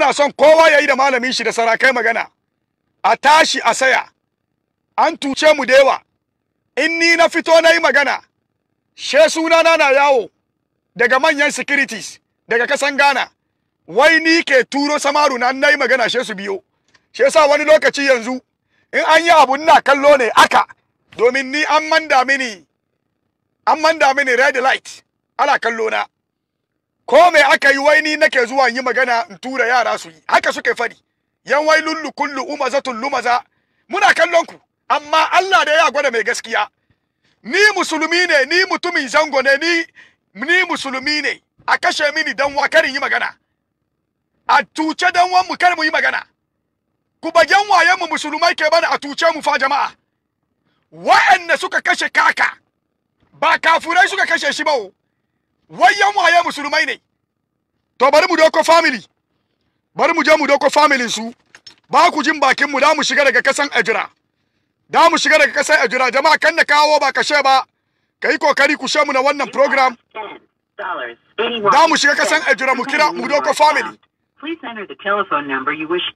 ina son kowa ya yi da malamin shi da sarakai magana a tashi a saya an tuce mu da yawa in ni na fito na yi magana she sunana na yawo daga manyan securities daga kasan ghana wai ni ke turo samaru na na yi magana she su biyo she sa wani lokaci yanzu in an yi abu na kallo ne aka domin ni an manda mini an manda mini red light ana kallo na ko me aka yi wai ni nake zuwa yi magana in tura yara su yi haka suke fadi yan wai lullu kullu umazatul lumaza muna kallon ku amma Allah da ya gwada mai gaskiya ni musulmi ne ni mutumin zango ne ni ni musulmi ne a kashe mini dan wa kar yi magana a tuce dan wa mu kar mu yi magana ku bagen wayen mu musulmai ke bana a tuce mu fa jama'a wa'anda suka kashe kaka ba kafurai suka kashe shi ba wayan waye musulmai ne to bari mu doko family bari mu je mu doko family su ba ku jin bakin mu da mu shiga daga kasan ajira da mu shiga daga kasan ajira jama'a kan da kawo ba ka kashe ba kai kokari ku she mu na wannan program da mu shiga kasan ajira mu kira mu doko family Please enter the telephone number you wish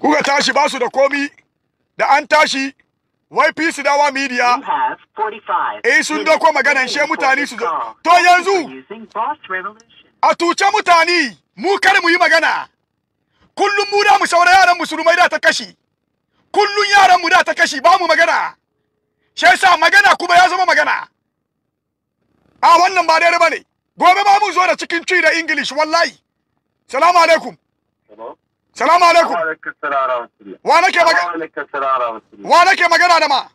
kuka tashi basu da komi da an tashi YPC dawa media eh sun dako magana she mutane su to yanzu a tuce mutane mu kar mu yi magana kullum mu da mu saura yaran musulmai da ta kashi kullum yaran mu da ta kashi ba mu magana She yasa magana kuma ya zama magana a wannan ba dare bane gobe ba mu zo da cikin ci da english wallahi salamu alaikum Salamu alaikum. Wa nake magana? Wa nake magana da ma?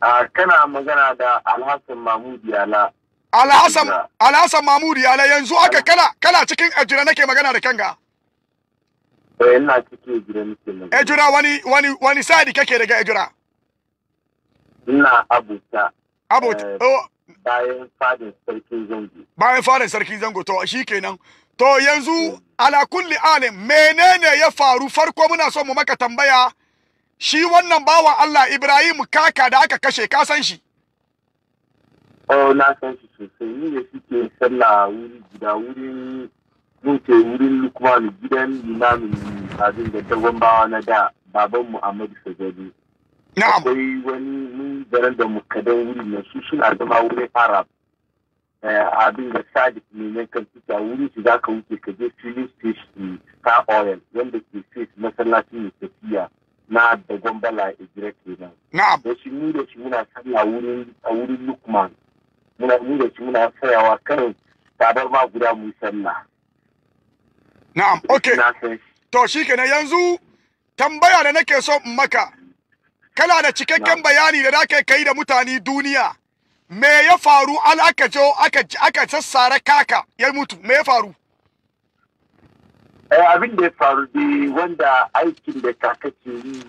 A kana magana da Alhassan Mahmud Yala. Alhassan Alhassan Mahmud Yala yanzu haka kana kana cikin ajira nake magana da kanga. Eh ina cikin ajira nake magana. Ajira wani wani wani sadi kake daga ajira? Ina Abuja. Abuja. Eh, oh. Bayan fadin sarkin zango. Bayan fadin sarkin zango to shikenan. to yanzu ala kulli alin menene ya faru farko muna so mu maka tambaya shi wannan bawa Allah Ibrahim kaka da aka kashe ka san shi Oh na san shi sosai ni ne suke sallah wuri gida wurin mun wurin Lukman gidan limamin abin da dagon bawa na da baban Muhammadu Sajadi Na'am akwai wani mun daren da mukadan wuri ne su suna zama wurin Arab Eh, abin da sadik ne na kan wurin shi za ka wuce ka je filin station star oil wanda ke face masallacin ne tafiya na da gwambala a jira kenan. Na'am. Da shi mu da shi muna sanya wurin a wurin Lukman. Muna mu da shi muna sayawa kan tabar ma guda mu sanna. Na'am, okay. To shi kenan yanzu tambaya da nake so in maka. Kana da cikakken bayani da ka kai da mutane duniya. me ya faru an aka jo aka aka sassare kaka ya mutu me ya faru eh abin da ya faru dai wanda aikin da kaka ke yi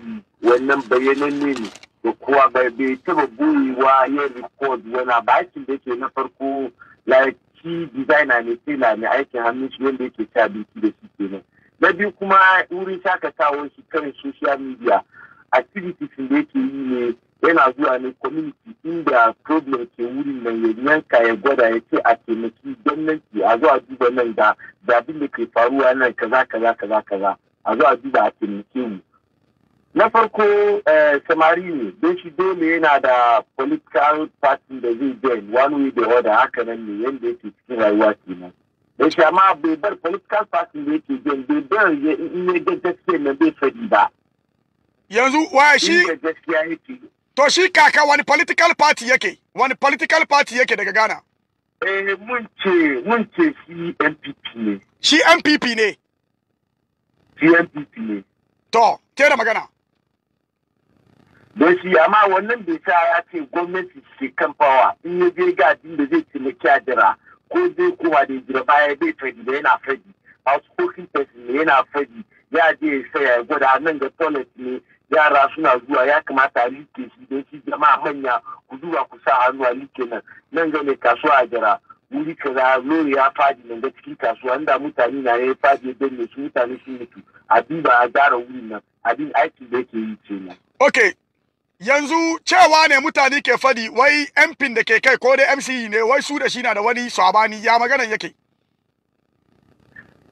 wannan bayanan ne da kuwa bai taba buyewa ya record wani ba aikin da yake na farko like shi designer ne na ne aikin hannun shi wanda yake sa biki da shi kenan na biyu kuma wurin shakatawa shi kan social media activities da yake yi ne yana zuwa ne community inda problem ke wuri nan ya yanka ya gwada ya ce a taimaki gwamnati a zuwa duba nan da abin da ke faruwa nan kaza kaza kaza kaza a zuwa duba a taimake mu na farko eh, samari ne don shi dole yana da political party da zai join one way da other haka nan ne yadda yake cikin rayuwa kenan don shi amma bai bar political party da yake join bai bar in ya gaskiya na bai fadi ba yanzu wa shi gaskiya yake to shi kaka wani political party yake wani political party yake daga Ghana eh mun ce mun ce shi MPP ne shi MPP ne shi MPP ne to ke da magana don shi amma wannan bai sa ya ce gwamnati ke kan fawa in ya je ga da zai a jira ko zai kowa da jira baya bai fadi da yana fadi a tsohon ne yana fadi ya je ya saya gwada nan ga toilet ne yara suna zuwa ya kamata a rike su don shi jama'a manya ku duba ku sa hannu a rike nan nan gane kasuwa a jira wuri kaza lori ya faɗi nan da cikin kasuwa inda mutane na ya faɗi don ne su mutane sun mutu a duba a gyara wuri nan abin aiki da yake yi ce nan. ok yanzu cewa ne mutane ke faɗi wai mp da ke kai ko dai mc e ne wai su da shi na da wani sabani ya magana yake.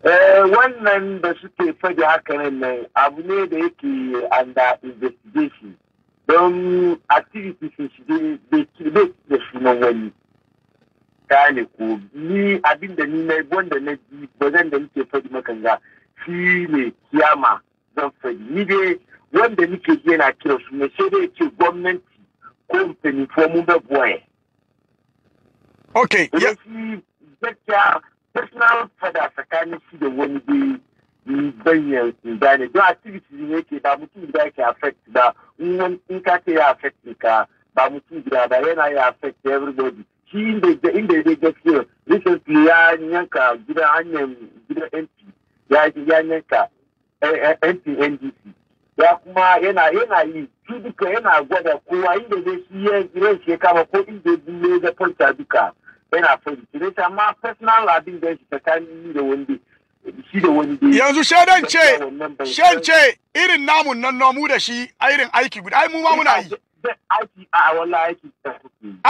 Eh, wannan da suke faɗi haka nan abu ne da yake under investigation don activities sun shige kirbe da sunan wani ne ko ni abin da ni na wanda na ji bazan da nike faɗi makan ga shi ne kiyama zan faɗi ni dai wanda nike ji yana kira su ne sai dai ce gwamnati ko ko mun bai buwaye. Ok. Yeah. personal fada tsakanin shi da wani bai bayyana gane don activities ne yake ba mutum da yake affect ba in ka ce ya affect ka ba mutum guda ba yana ya affect everybody shi inda inda gaskiya recently ya yanka gidan hanyar gidan MP ya yanka eh, eh, MP NDC ya kuma yana yana yi su duka yana gwada kowa inda dai shi ya kama ko inda ya bulle da farta duka yana fahimci ta amma personal abin da shi tsakanin da wanda shi da wanda yanzu shaidan ce shan ce irin namun nan nomu da shi a irin aiki guda ai mu ma muna yi aiki a wala aiki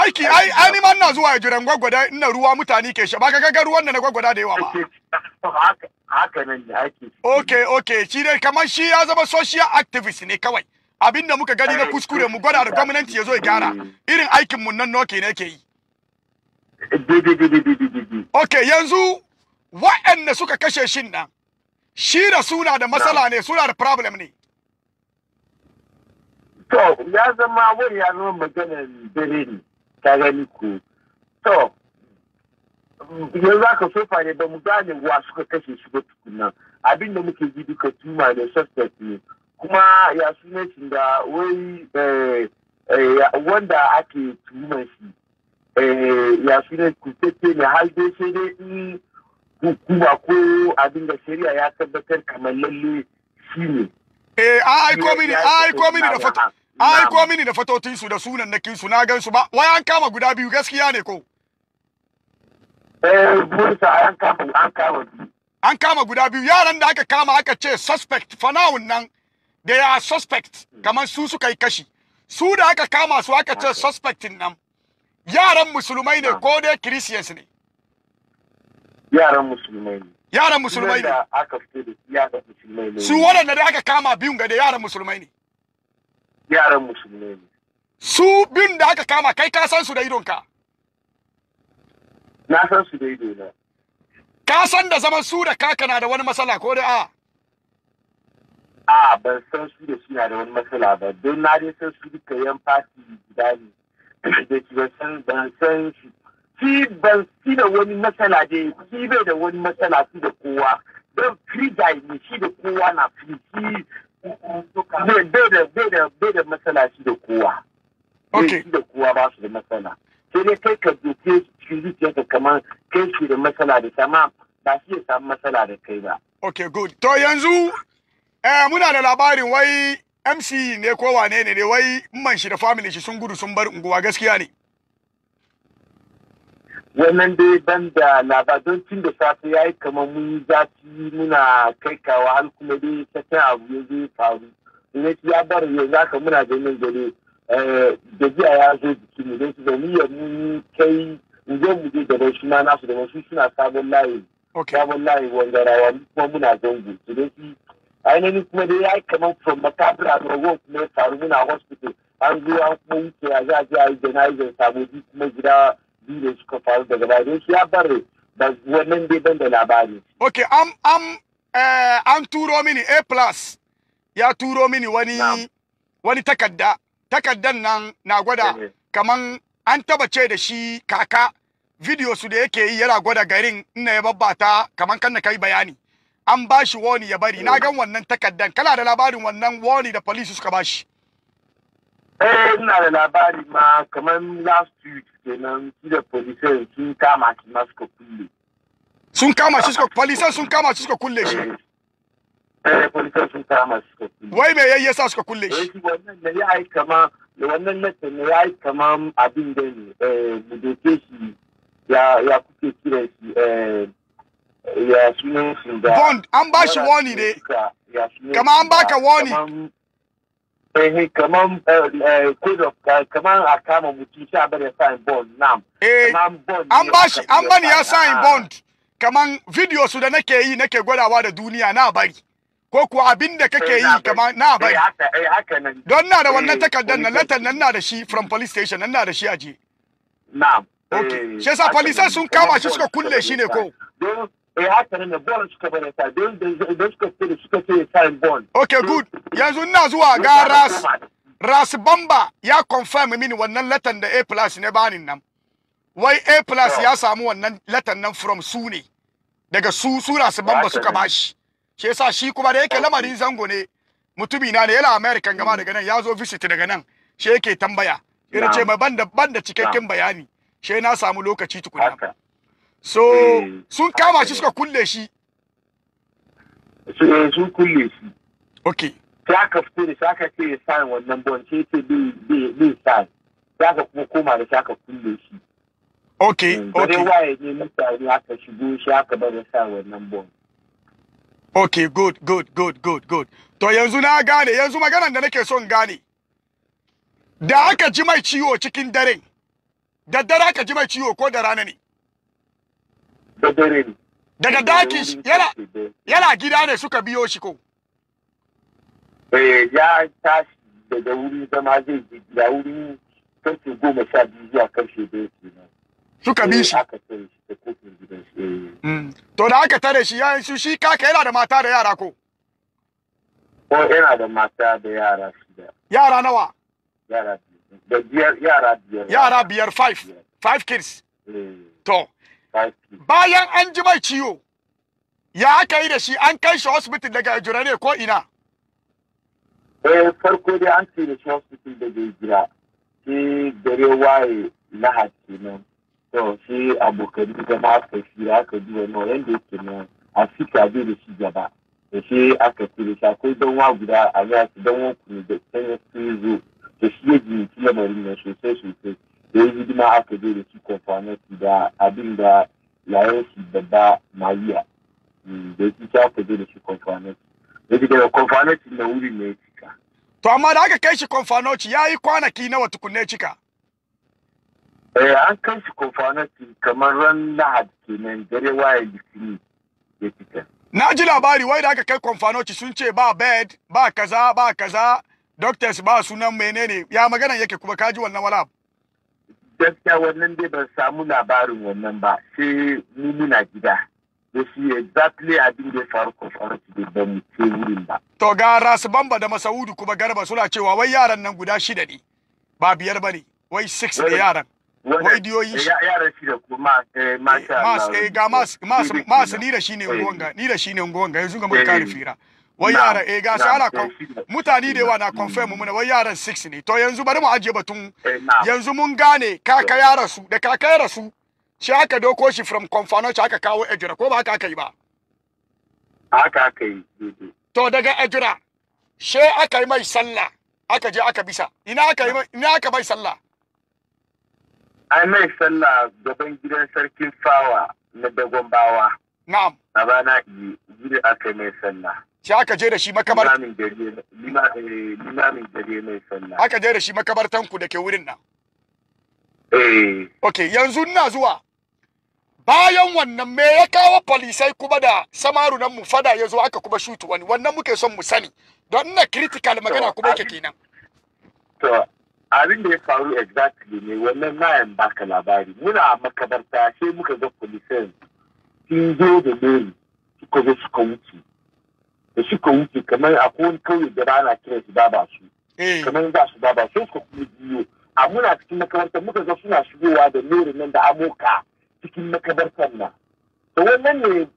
aiki ai ai ni ma ina zuwa ya jiran gwaggwada ina ruwa mutane ke sha baka ga ruwan da na gwaggwada da yawa ba haka nan da aiki okay okay shi dai kamar shi ya zama social activist ne kawai abin da muka gani na eh, kuskure mu gwada da gwamnati ya zo ya gyara irin aikin mun nan noke ne ke yi Ok, yanzu waɗanda suka kashe shin nan, shi da suna da matsala ne, suna da problem ne. To, ya zama wani ya zama magana dare ne, ta gani ku. To, yanzu ka sofa ne ba mu gane wa suka kashe shi ba tukunan. abinda muke ji duka tuma ne, suspect ne. Kuma ya sunan shi da wai eh, eh, wanda ake tuma shi. Eh, ya su ne kusurce ne har dai sai dai hukuma ko abin da shari'a ya tabbatar kamar lalle shi ne. Eh, ai komi ne, ai komi ne da fata. Ai aiko mini da fatotin su da sunan na kinsu na gan su ba. Wai an kama guda biyu gaskiya ne ko? Eh, bursa an kama an kama An kama guda biyu yaran da aka kama aka ce suspect fanawun nan they are suspect hmm. kamar su suka yi kashi. Su da aka kama su aka ce suspectin nan. yaran musulmai ne ah. ko dai christians ne yaran musulmai ne yaran musulmai ne aka fito da yaran musulmai ne su waɗanda da aka kama biyun ga da yaran musulmai ne yaran musulmai ne su biyun da aka kama kai ka san su da idonka na san su da idona ka san da zaman su da kaka na da wani matsala ko da a a ban san su da suna da wani matsala ba don na dai san su duka yan fati guda ne da shi san ban san shi shi ban shi da wani matsala dai shi bai da wani matsala shi da kowa don free ne shi da kowa na free shi bai da bai da bai da matsala shi da kowa shi da kowa ba su da matsala sai dai kai ka doke shi kamar kai shi da matsala da sama ba shi ya samu matsala da kai ba okay good to yanzu eh muna da labarin wai MC ne ko wane ne ne wai man shi da family shi sun gudu sun bar unguwa gaskiya ne wannan dai banda na ba don tun da safe ya yi kamar mun zafi muna kai kawa har kuma dai ta ta abu ya zai faru ne ya bar ya za muna da nan gare eh, da jiya ya zo jiki mu don su da ya mun kai inje mu da da shi ma nasu da suna sabon layi sabon layi wanda rawa kuma muna zango su ainihin kuma dai ya yi kamar from macabre a rago kuma ya faru muna hospital an zo an kuma wuce a za a je a yi jana'izar sabobi kuma gida biyu da suka faru daga baya shi ya bare da wannan dai ban da labari. ok am am eh, an turo mini a plus ya turo mini wani wani takadda takaddan nan na gwada eh. kaman an taba ce da shi kaka video su da yake yi yana gwada garin ina ya babbata kaman kan na kai bayani an ba shi wani ya bari na gan wannan takaddan kana da labarin wannan wani da police suka ba shi eh ina da labari ma kaman last week kenan su da police sun kama shi masko kulle sun kama shi suka police sun kama shi suka kulle shi eh police sun kama shi suka kulle wai me yayi yasa suka kulle shi eh, wannan ne ya yi kama wannan ce ne ya yi kama abin da ne eh mu doke shi ya ya kuke kira shi eh bond an ba shi wani ne kama an baka wani eh, eh kaman eh, eh, kaman a kama mutum sai a bada sign bond nam an ba shi an bani ya sign bond kaman video su da nake yi nake gwadawa da duniya na bari ko kuwa abin da kake yi kaman na bari don na da wannan takardar na latar nan na da shi from police station nan na da shi aje nam okay shi yasa police sun kama shi suka kulle shi ne ko eh haka ne ball suka bane ta don suka ce suka ce time ball okay eh, good yanzu ina zuwa ga ras ras bamba ya confirm mini wannan latan da a plus ne bani nan wai a plus oh. ya samu wannan latan nan from su ne daga su su ras bamba suka bashi shi yasa shi kuma da yake lamarin zango ne mutumi na ne yana american gama daga nan ya zo visit daga nan shi yake tambaya ina ce mai banda banda cikakken bayani shi na samu lokaci tukuna so mm. sun kama shi ah, suka kulle shi eh, sun kulle shi okay sai aka fito da shi aka ce ya sign wannan bon sai ce bai sign sai aka kuma koma da shi aka kulle shi okay eh, okay dai waye ne mutane aka shigo shi aka bar ya sign wannan bon. okay good good good good good to yanzu na gane yanzu maganar da nake son gane da aka ji mai ciwo cikin daren dare aka ji mai ciwo ko da rana ne da dare ne daga dakin yana yana gida ne suka biyo shi ko eh ya tashi daga wuri zama zai ji gida wuri karfe goma sha biyu zuwa karfe da yake suka bi shi to da aka tare shi yayin su shi kaka yana da mata da yara ko ko yana da mata da yara shi da. yara nawa yara biyar yara biyar yara biyar five five kids eh. to bayan an ji mai ciwo ya aka yi da shi an kai shi hospital daga jira ne ko ina eh farko dai an kai da shi hospital daga jira shi dare waye na kenan to shi abokan ba aka shi aka wani nawa yanda yake nan a fita bi da shi gaba da shi aka kai da shi akwai danwa guda a za su danwa kuma da sanya su zo da shi ya jinki lamarin nan sosai sosai da ya hidima aka zai da su kwamfanati da abin da mm, yayin shi babba mariya da su ta aka zai da su kwamfanati da shi daga kwamfanati na wuri ne cika. to amma da aka kai shi kwamfanoti ya yi kwanaki nawa tukunne cika. eh an kai shi kwamfanati kamar ran lahad kenan dare waye litinin ya cika. na ji labari wai da aka kai kwamfanoti sun ce ba bed ba kaza ba kaza doctors ba sunan menene ya magana yake kuma kaji wannan wala abu. gaskiya wannan dai ban samu labarin wannan ba sai mu muna gida da shi exactly abin da ya faru ko faru da ban ce wurin ba to ga rasu bamba da masaudu kuma garba suna cewa wai yaran nan guda shida ne ba biyar ba ne wai six da yaran wai diyoyi shi yaran shida kuma masha Allah ga masu ni da shine eh. ungonga ni da shine ungonga yanzu ga mun eh. kare fira wai yara eh gashi ana eh, mutane da yawa na mm. confirm mu wai yaran 6 ne to yanzu bari mu ajiye batun eh, yanzu mun gane kaka ya rasu da kaka ya rasu shi aka doko shi from confano shi aka kawo ejira ko ba haka aka yi ba haka aka yi to daga ejira she aka yi mai sallah aka je aka bisa ina aka yi ina aka mai sallah ai mai sallah gaban gidan sarkin fawa na dagon bawa na'am na bana yi gidan aka yi mai sallah Sai aka je da shi makabar. Limamin gare mai eh, sallah. Aka je da shi makabartanku da ke wurin nan. Eh. Ok, yanzu na zuwa. Bayan wannan me ya kawo polisai kuma da samaru nan mu fada ya zo aka kuma shutu wani wannan muke son mu sani don na critical magana kuma yake kenan. To, abin da ya faru exactly ne wannan nayan baka labari muna makabarta sai muka ga polisai sun zo da lori suka zo suka wuce da suka wuce kamar a kowane kauye da ba na kira su eh. ba su kamar za su ba su suka kuma biyo a muna cikin makabartar muka ga suna shigowa da lori nan da amoka cikin makabartar nan da wannan ne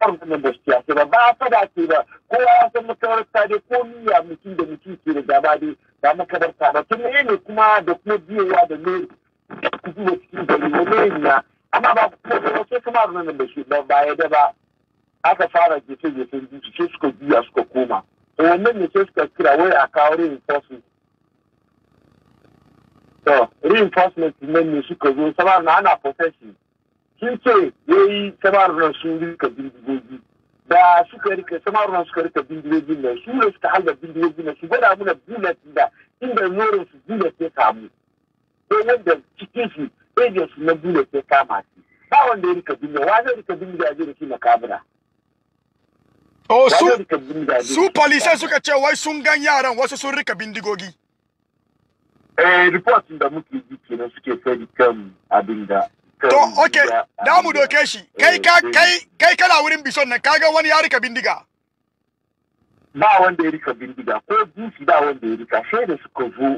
farkon da su ce ba ba ta da ce ba Ko ya san makabarta dai ko niyya mutum da mutum ke da gaba dai ba makabarta ba tun ne ne kuma da kuma biyowa da lori cikin da cikin gari wani ne amma ba kuma sai kuma nan da shi ba ya da ba aka fara gefe-gefen jiki sai suka juya suka koma to wannan ne sai suka kira wai a kawo reinforcement to reinforcement nan ne suka zo sabar na ana profession kin ce yayi sabar na su rika bindigogi da suka rika sabar na suka rika bindigogi nan su ne suka halda bindigogi nan su gwada muna bullet da inda yoro su bullet ya kamu ko wanda cikin su agents na bullet ya kama su ba wanda ya rika bindigogi wa zai rika bindigogi a jirgin makabura to oh, su su police suka ce wai sun gan yaran wasu sun rika bindigogi eh report da muke ji kenan suke fadi kan abin da to okay da mu doke shi kai ka eh, kai eh. kai kana wurin bison nan kaga wani ya rika bindiga ba wanda ya rika bindiga ko jinsi ba wanda ya rika sai da suka zo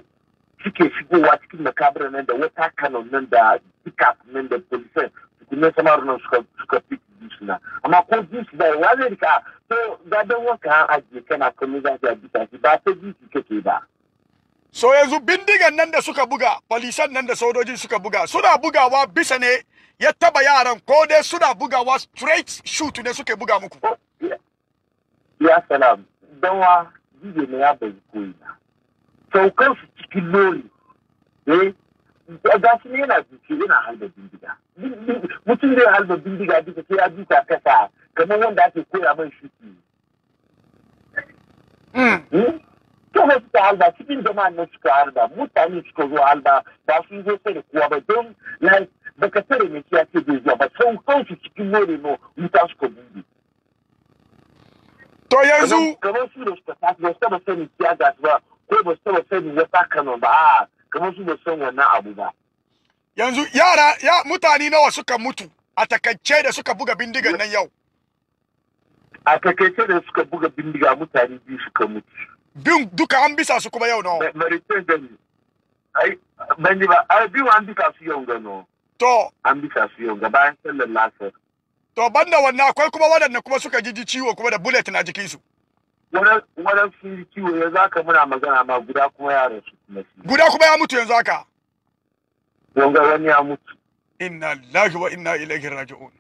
suke shigowa cikin makabarar nan da wata kanon nan da dikap nan da polisan tukunan samaru nan suka suka fi dishin amma ko dishi da ya zai rika da gadon wanka an ajiye kana kallon za ka bisa shi ba ta dishi kake ba so yanzu bindigan nan da suka buga polisan nan da sojojin suka buga suna bugawa bisa ne ya taba yaran ko dai suna bugawa straight shoot ne suke buga muku oh, ya salam dawa jibe ne ya bai koyi ba saukar su cikin lori eh ga su ne yana zuci yana halba bindiga mutum zai halba bindiga duka sai ya duka kasa kamar wanda ake koya mai shuki hmm. Hmm? to ba suka halba cikin jama'an na suka halba mutane suka zo halba ba su zo sai da kowa ba don like baka tare mai ya ce bai zuwa ba sun kansu cikin more no wuta suka bindi to yanzu kamar su da suka sa ba su taba sani siyasa ba ko ba su taba sani wata kano ba kamar su ba san wannan abu ba yanzu yara ya mutane nawa suka mutu a takaice da suka buga bindigan nan yau a takaice da suka buga bindiga mutane biyu suka mutu bin duka an bisa su kuma yau nawa Maritain da ne ai ban ji ba ai biyu an bisa su yau gano to an bisa su yau ga bayan sallar lasar to banda wannan akwai kuma waɗanda kuma suka ji ciwo kuma da bullet na jikinsu wani sun kiwo ya zaka muna magana ma guda kuma ya rasu kuma guda kuma ya mutu yanzu haka wanga wani ya mutu inna lillahi wa inna ilaihi raji'un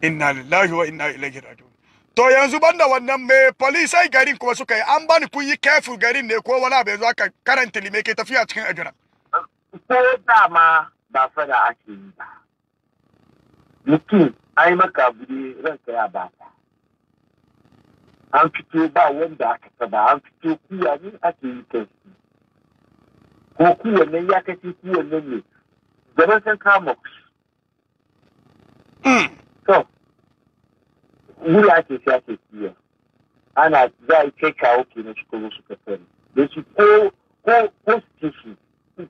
inna lillahi wa inna ilaihi raji'un to yanzu banda wannan me polisai garin kuma suka yi an bani kun yi careful garin ne ko wala bai zo ka karanta me ke tafiya cikin ajira ko da ma ba fada ake yi ba mutum ai maka bude ranka ya ba ta an fito ba wanda aka taba an fito kuya ne ake yi kai ko kuwan nan ya kashe kuwan nan ne gaban san kama hmm. to wuri ake shi ake kuya ana za a yi kai kawo ke na su wasu kasar da shi ko ko ko su shi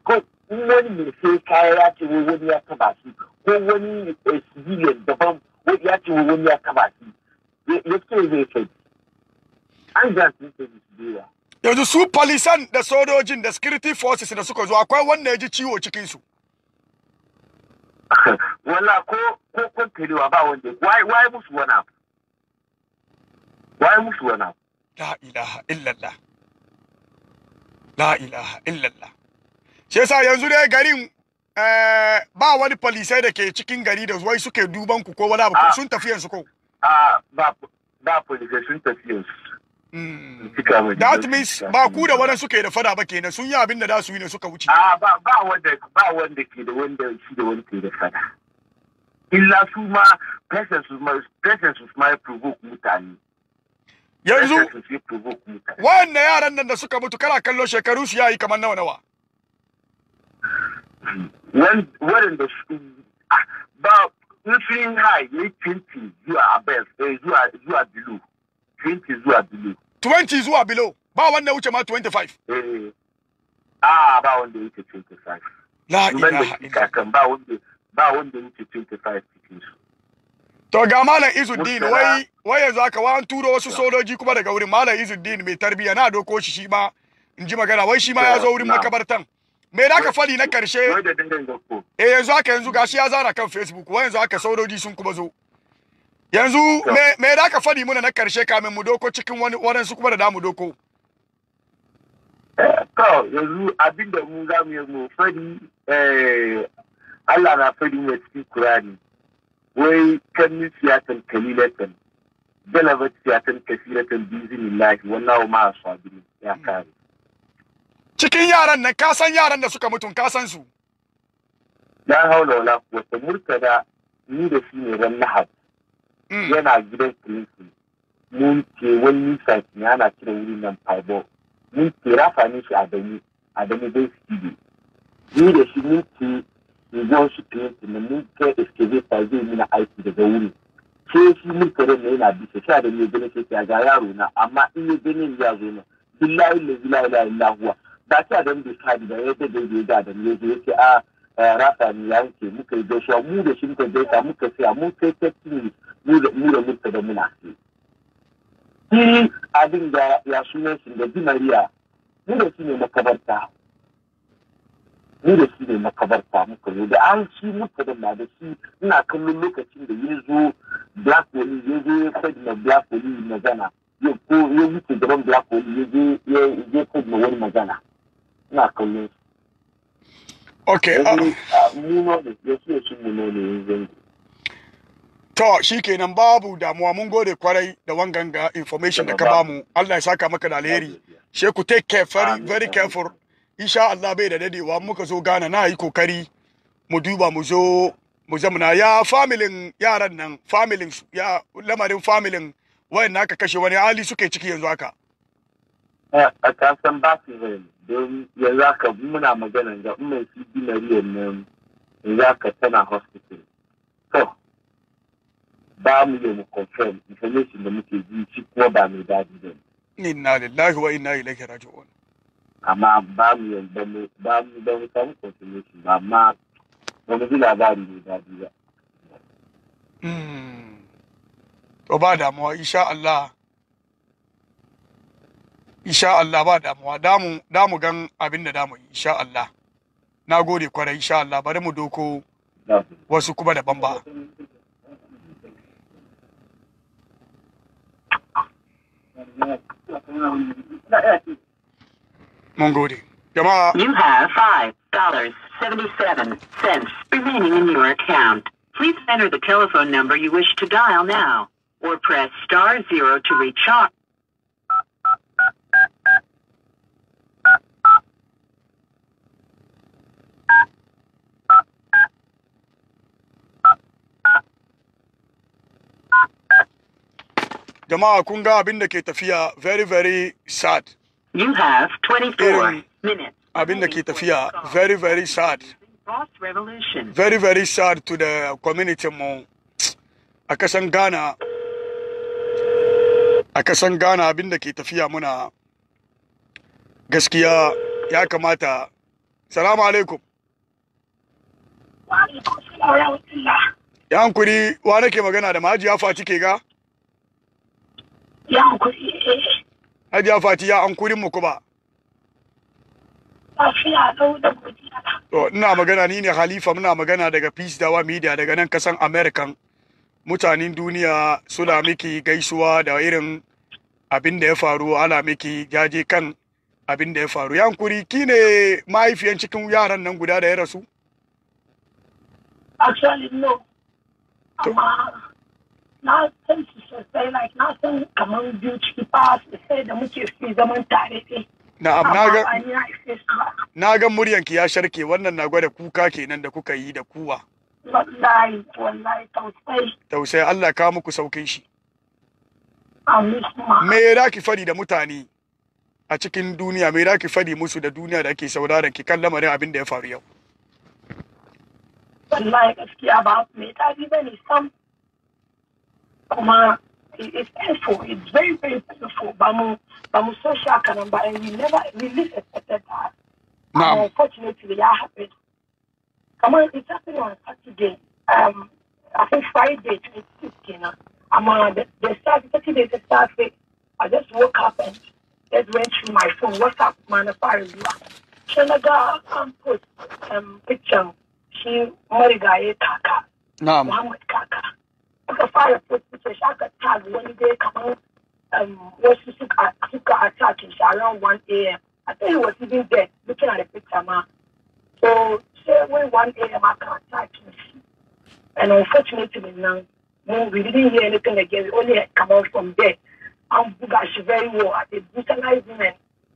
ko wani mai sai kaya ya ce wani ya taba shi ko wani eh, civilian daban ya ce wani ya taba shi ya ce zai kai an yanzu su polisan da sojojin da security forces da suka zo akwai wanda ya ji ciwo cikin su wala ko ko kwantarewa ba wanda wai wai musu wani abu wai musu wani abu la ilaha illallah la ilaha illallah shi yasa yanzu dai garin eh, ba wani polisai da ke cikin gari da wai suke duban ku ko wani abu ah. sun yanzu ko a ah, ba ba polisai sun yanzu Mm. That means ba ku da wani suka yi da fada ba kenan sun yi abin da za su yi ne suka wuce. Ah, A ba wanda ba wanda ke da wanda shi da wanda ke da fada. Illa su ma presence su ma presence su ma provoke mutane. Yanzu wannan yaran nan da suka mutu kana kallo shekaru su yayi kamar nawa nawa. Waɗanda ah, ba in sun high ne 20 zuwa abes eh, zuwa zuwa below. twenty zuwa below Twenty zuwa below ba wanda wuce ma 25 eh, eh. a ah, ba wanda wuce twenty five. la ilaha illa kan ba wanda ba wanda wuce twenty five cikin su to ga malam Izuddin wai wai yanzu haka wa an turo wasu sojoji kuma daga wurin malam Izuddin mai tarbiyya, na doko shi shi ma in ji magana wai shi ma ya zo wurin makabartan me da ka fadi na karshe eh yanzu haka yanzu gashi ya zana kan Facebook wai yanzu haka sojoji sun kuma zo yanzu me da ka faɗi muna na karshe kamin mu doko cikin wani su kuma da da mu doko eh, to yanzu abin da mu zamu mu yi mu faɗi eh, Allah na faɗi ne cikin Qur'ani wai kan siyatan kalilatan galabat siyatan bi zinillahi wallahu ma sabirin ya mm. kare cikin yaran nan ka san yaran da suka mutun ka san su la haula wala quwwata murtada ni da shi ne ran lahab Mm. yana gidan kulinsu mun ce wani nisan ne ana cire wuri nan fiber mun ce rafa ne shi adani adami don studio ni da shi mun ke zuwa shi kulinsu ne mun kai excavator zai nuna aiki daga wuri ce shi mun kare ne yana bisa shi adami ya gani ke ga yaro na amma in ya gani ya zo na billahi la ilaha illa ba ta dan da kadi da ya da ya da da ya ce a ah, rata ne yanke muka yi gaisuwa mu da shi muka gaisa muka siya mu kai tattini mu da mu da muka da muna ce. Shi abin da ya sunan shi da Di Maria mu da shi ne makabarta. Mu da shi ne makabarta muka zo da an shi muka da na da shi ina kallon lokacin da ya zo Black Wali ya zo ya fadi na Black Wali magana. Ya ko ya wuce gaban Black Wali ya je ya fadi na wani magana. Ina kallon Okay. Uh, to shi kenan babu damuwa mun gode kwarai da wanganga information da ka bamu Allah ya saka maka da alheri she ku take care very, careful insha Allah bai da dadewa muka zo gana na yi kokari mu duba mu zo mu zamana ya familin yaran nan familin ya lamarin familin wayan naka kashe wani hali suke ciki yanzu haka eh, a kasan ba su zai don yanzu aka muna magana ga umar su binariyar nan yanzu haka tana hospital to ba mu yi mu confirm information da muke ji shi kuma ba mai daɗi ba inna lillahi wa inna ilaihi raji'un amma ba mu yi ba mu ba mu ba mu samu confirmation ba amma ba mu ji labari mai daɗi ba hmm. to ba damuwa insha Allah insha Allah ba damuwa damu damu gan abin da damu insha Allah na gode kwarai insha Allah bari mu doko wasu kuma daban ba mun gode you have five dollars seventy seven cents remaining in your account please enter the telephone number you wish to dial now or press star zero to recharge jama'a kun ga abin da ke tafiya very very sad you have 24 minutes abin da ke tafiya very very sad very very sad to the community mu a kasan Ghana a kasan Ghana abin da ke tafiya muna gaskiya ya kamata salamu alaikum ya hankuri wa nake magana da mahajiya fati ke ga Ya hankuri. Eh, eh. Fati ya hankurin mu kuma. Lafiya da godiya. To ina magana ni ne Halifa muna magana daga Peace Dawa Media daga nan kasan American. Mutanen duniya suna miki gaisuwa da irin abin da ya faru ana miki jaje kan abin da ya faru. Ya hankuri ki ne mahaifiyan cikin yaran nan guda da ya rasu? Actually no. Amma na san su sosai like na san kamar beauty pass sosai da muke fi zaman tare dai na'am na ga na ya sharke wannan na gwada kuka kenan da kuka yi da kuwa wallahi wallahi tausai tausai Allah ka muku saukin shi me ra ki fadi da mutane a cikin duniya me ra ki fadi musu da duniya da ake sauraron ki kan lamarin abin da ya faru yau wallahi gaskiya ba me ji bane sam Oma, it's painful. It's very, very painful. Bamu, bamu social shocked. and we never, we least expected that. No. And unfortunately, it happened. Come on, it happened on Saturday. Um, I think Friday, 26th, you know. I'm on the, the start, 30 days to start I just woke up and just went through my phone. What's up, man, is I review. I'm um, post, um, picture. She, a eh, Kaka. No. Muhammad Kaka aka fara fito shi aka tag wani dai kamar um, wasu suka attack shi around 1 a.m. I think he was even dead looking at the picture ma. So say when 1 a.m. aka attack and unfortunately now we didn't hear anything again. We only come out from there. And Bugash very well. They brutalized him and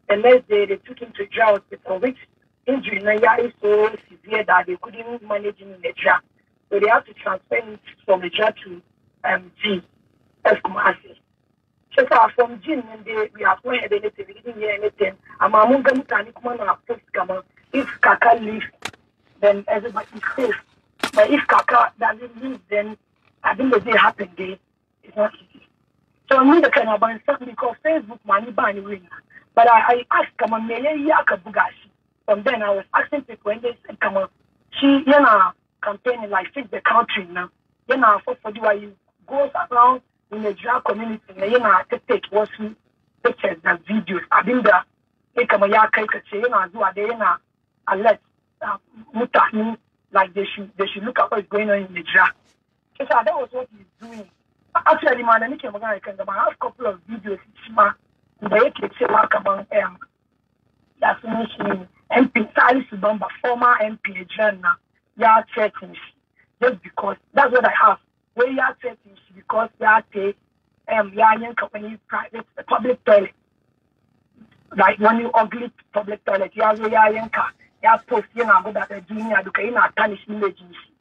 the next day they took him to jail hospital, which injury now is so severe that they couldn't manage him in the jail. So they have to transfer it from Ija to um, as Kumasi. So far from G, we have not heard anything, we didn't hear anything. I'm I'm among them Mutani Kumana post Kama. If Kaka leaves, then everybody is safe. But if Kaka doesn't leave, then I think the day happened, they, it's not easy. So I'm to kind of understand because Facebook money ban win. But I, I asked Kama Mele Yaka Bugashi. From then I was asking people and they said, Kama, she, you know, campaigning like fix the country now. You know, for why you go around in the drag community na yana take wasu pictures da videos abinda ya kama ya kai kace yana zuwa da yana alert um, mutane like they should they should look at what's going on in Nigeria. So that was what he's doing. Actually man, I came again, kan gaba I have couple of videos shi ma da yake cewa kaman um what I'm saying. MP Salisu Bamba former MP Ejana ya churches just because that's what I have. We ya settings because are take um ya company wani private public toilet. Like when you ugly public toilet you have a zo car, you have post you know that yana gudanar duniya duka yana tarnish image shi.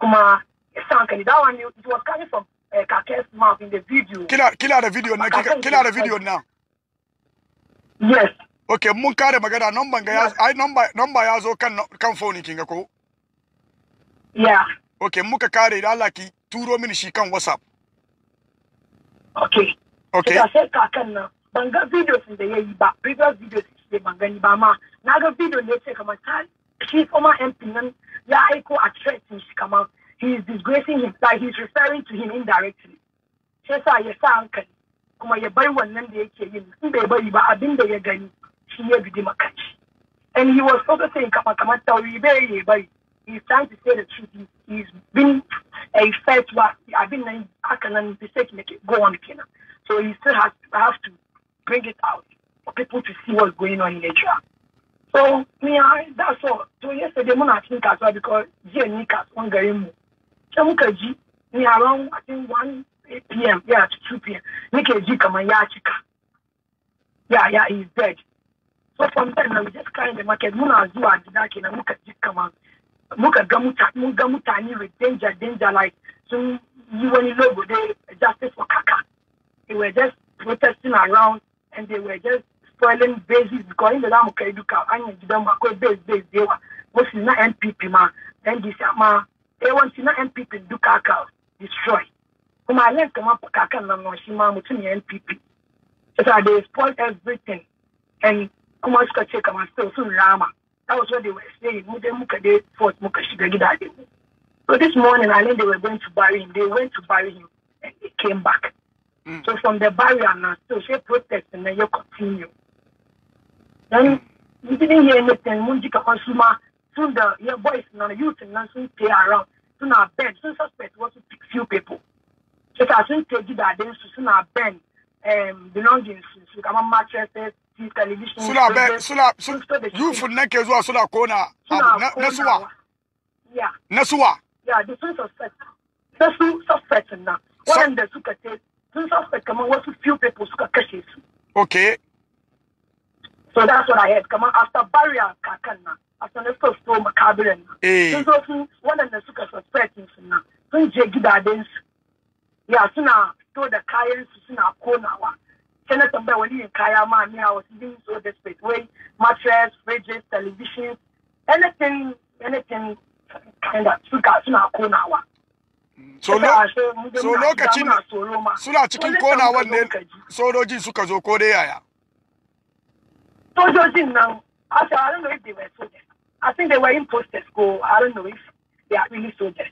Kuma and that one you it was coming from uh, Kake's mouth in the video. Kill out kill out da video now. kill out da video now. Yes. Okay, mun kare magana number ga ya ai number number ya zo kan kan phone kin ga ko? Yeah. Okay, muka kare da Allah ki turo mini shi kan WhatsApp. Okay. Okay. Ina sai kakan nan ban ga videos da yayi ba. Previous videos shi ban gani ba ma. Na ga video ne ce kamar ta shi kuma MP nan ya aiko a threat shi kamar he is disgracing him by he is referring to him indirectly. Sai sa ya sa hankali kuma ya bai wannan da yake yin in bai bari ba abin da ya gani shi ya bidi makaci. And he was focusing kamar kamar tauri bai ya bari. he's trying to say the truth. He's been a fair to us. I've been in Akanan, said to make it go on again. So he still has to, have to bring it out for people to see what's going on in nigeria So me, I, that's all. So yesterday, I think as well because Jay Nikas on Garimu, Chamukaji, me around I think one p.m. Yeah, to two p.m. Nikaji Kamaya Chika. Yeah, yeah, he's dead. So from then, I was just crying the market. Muna Zua Dinaki, and come Kamaya. muka ga mun ga mutane with danger danger like sun yi wani logo dai justice for kaka they were just protesting around and they were just spoiling bases because inda za mu kai duka an yi gidan akwai base base da yawa wasu na npp ma ndc amma yawanci na npp duka aka destroy kuma len kama kakan nan shi ma mutum ya npp so they spoil everything and kuma suka ce kamar still sun rama That was what they were saying. Mudemukade fought Mukashigagida Ademu. So this morning, I learned they were going to bury him. They went to bury him and they came back. Mm. So from the barrier now, so she protest and then you continue. Then mm. you didn't hear anything. Munjika Osuma, soon the your boys and the youth and soon play around. Soon our bend, soon suspect was to pick few people. So I soon take it that then soon our bend um belongings, so come on mattresses, suna bai suna nan ke zuwa suna kona na suwa na suwa ya na waɗanda suka ce sun kamar wasu few people suka kashe su okay so that's what I heard kamar after barrier kakan na after na suka so makabirin na eh. sun zo su waɗanda suka suspect su na sun je gidajen su ya suna to da kayan su suna konawa sai na tambaya wani yin kaya ma me I was being so desperate wai mattress fridges television anything anything kind of suka suna konawa so lokacin suna cikin konawan ne sojojin suka zo ko dai yaya sojojin nan actually I don't know if they were soldiers I think they were imposters ko I don't know if they are really soldiers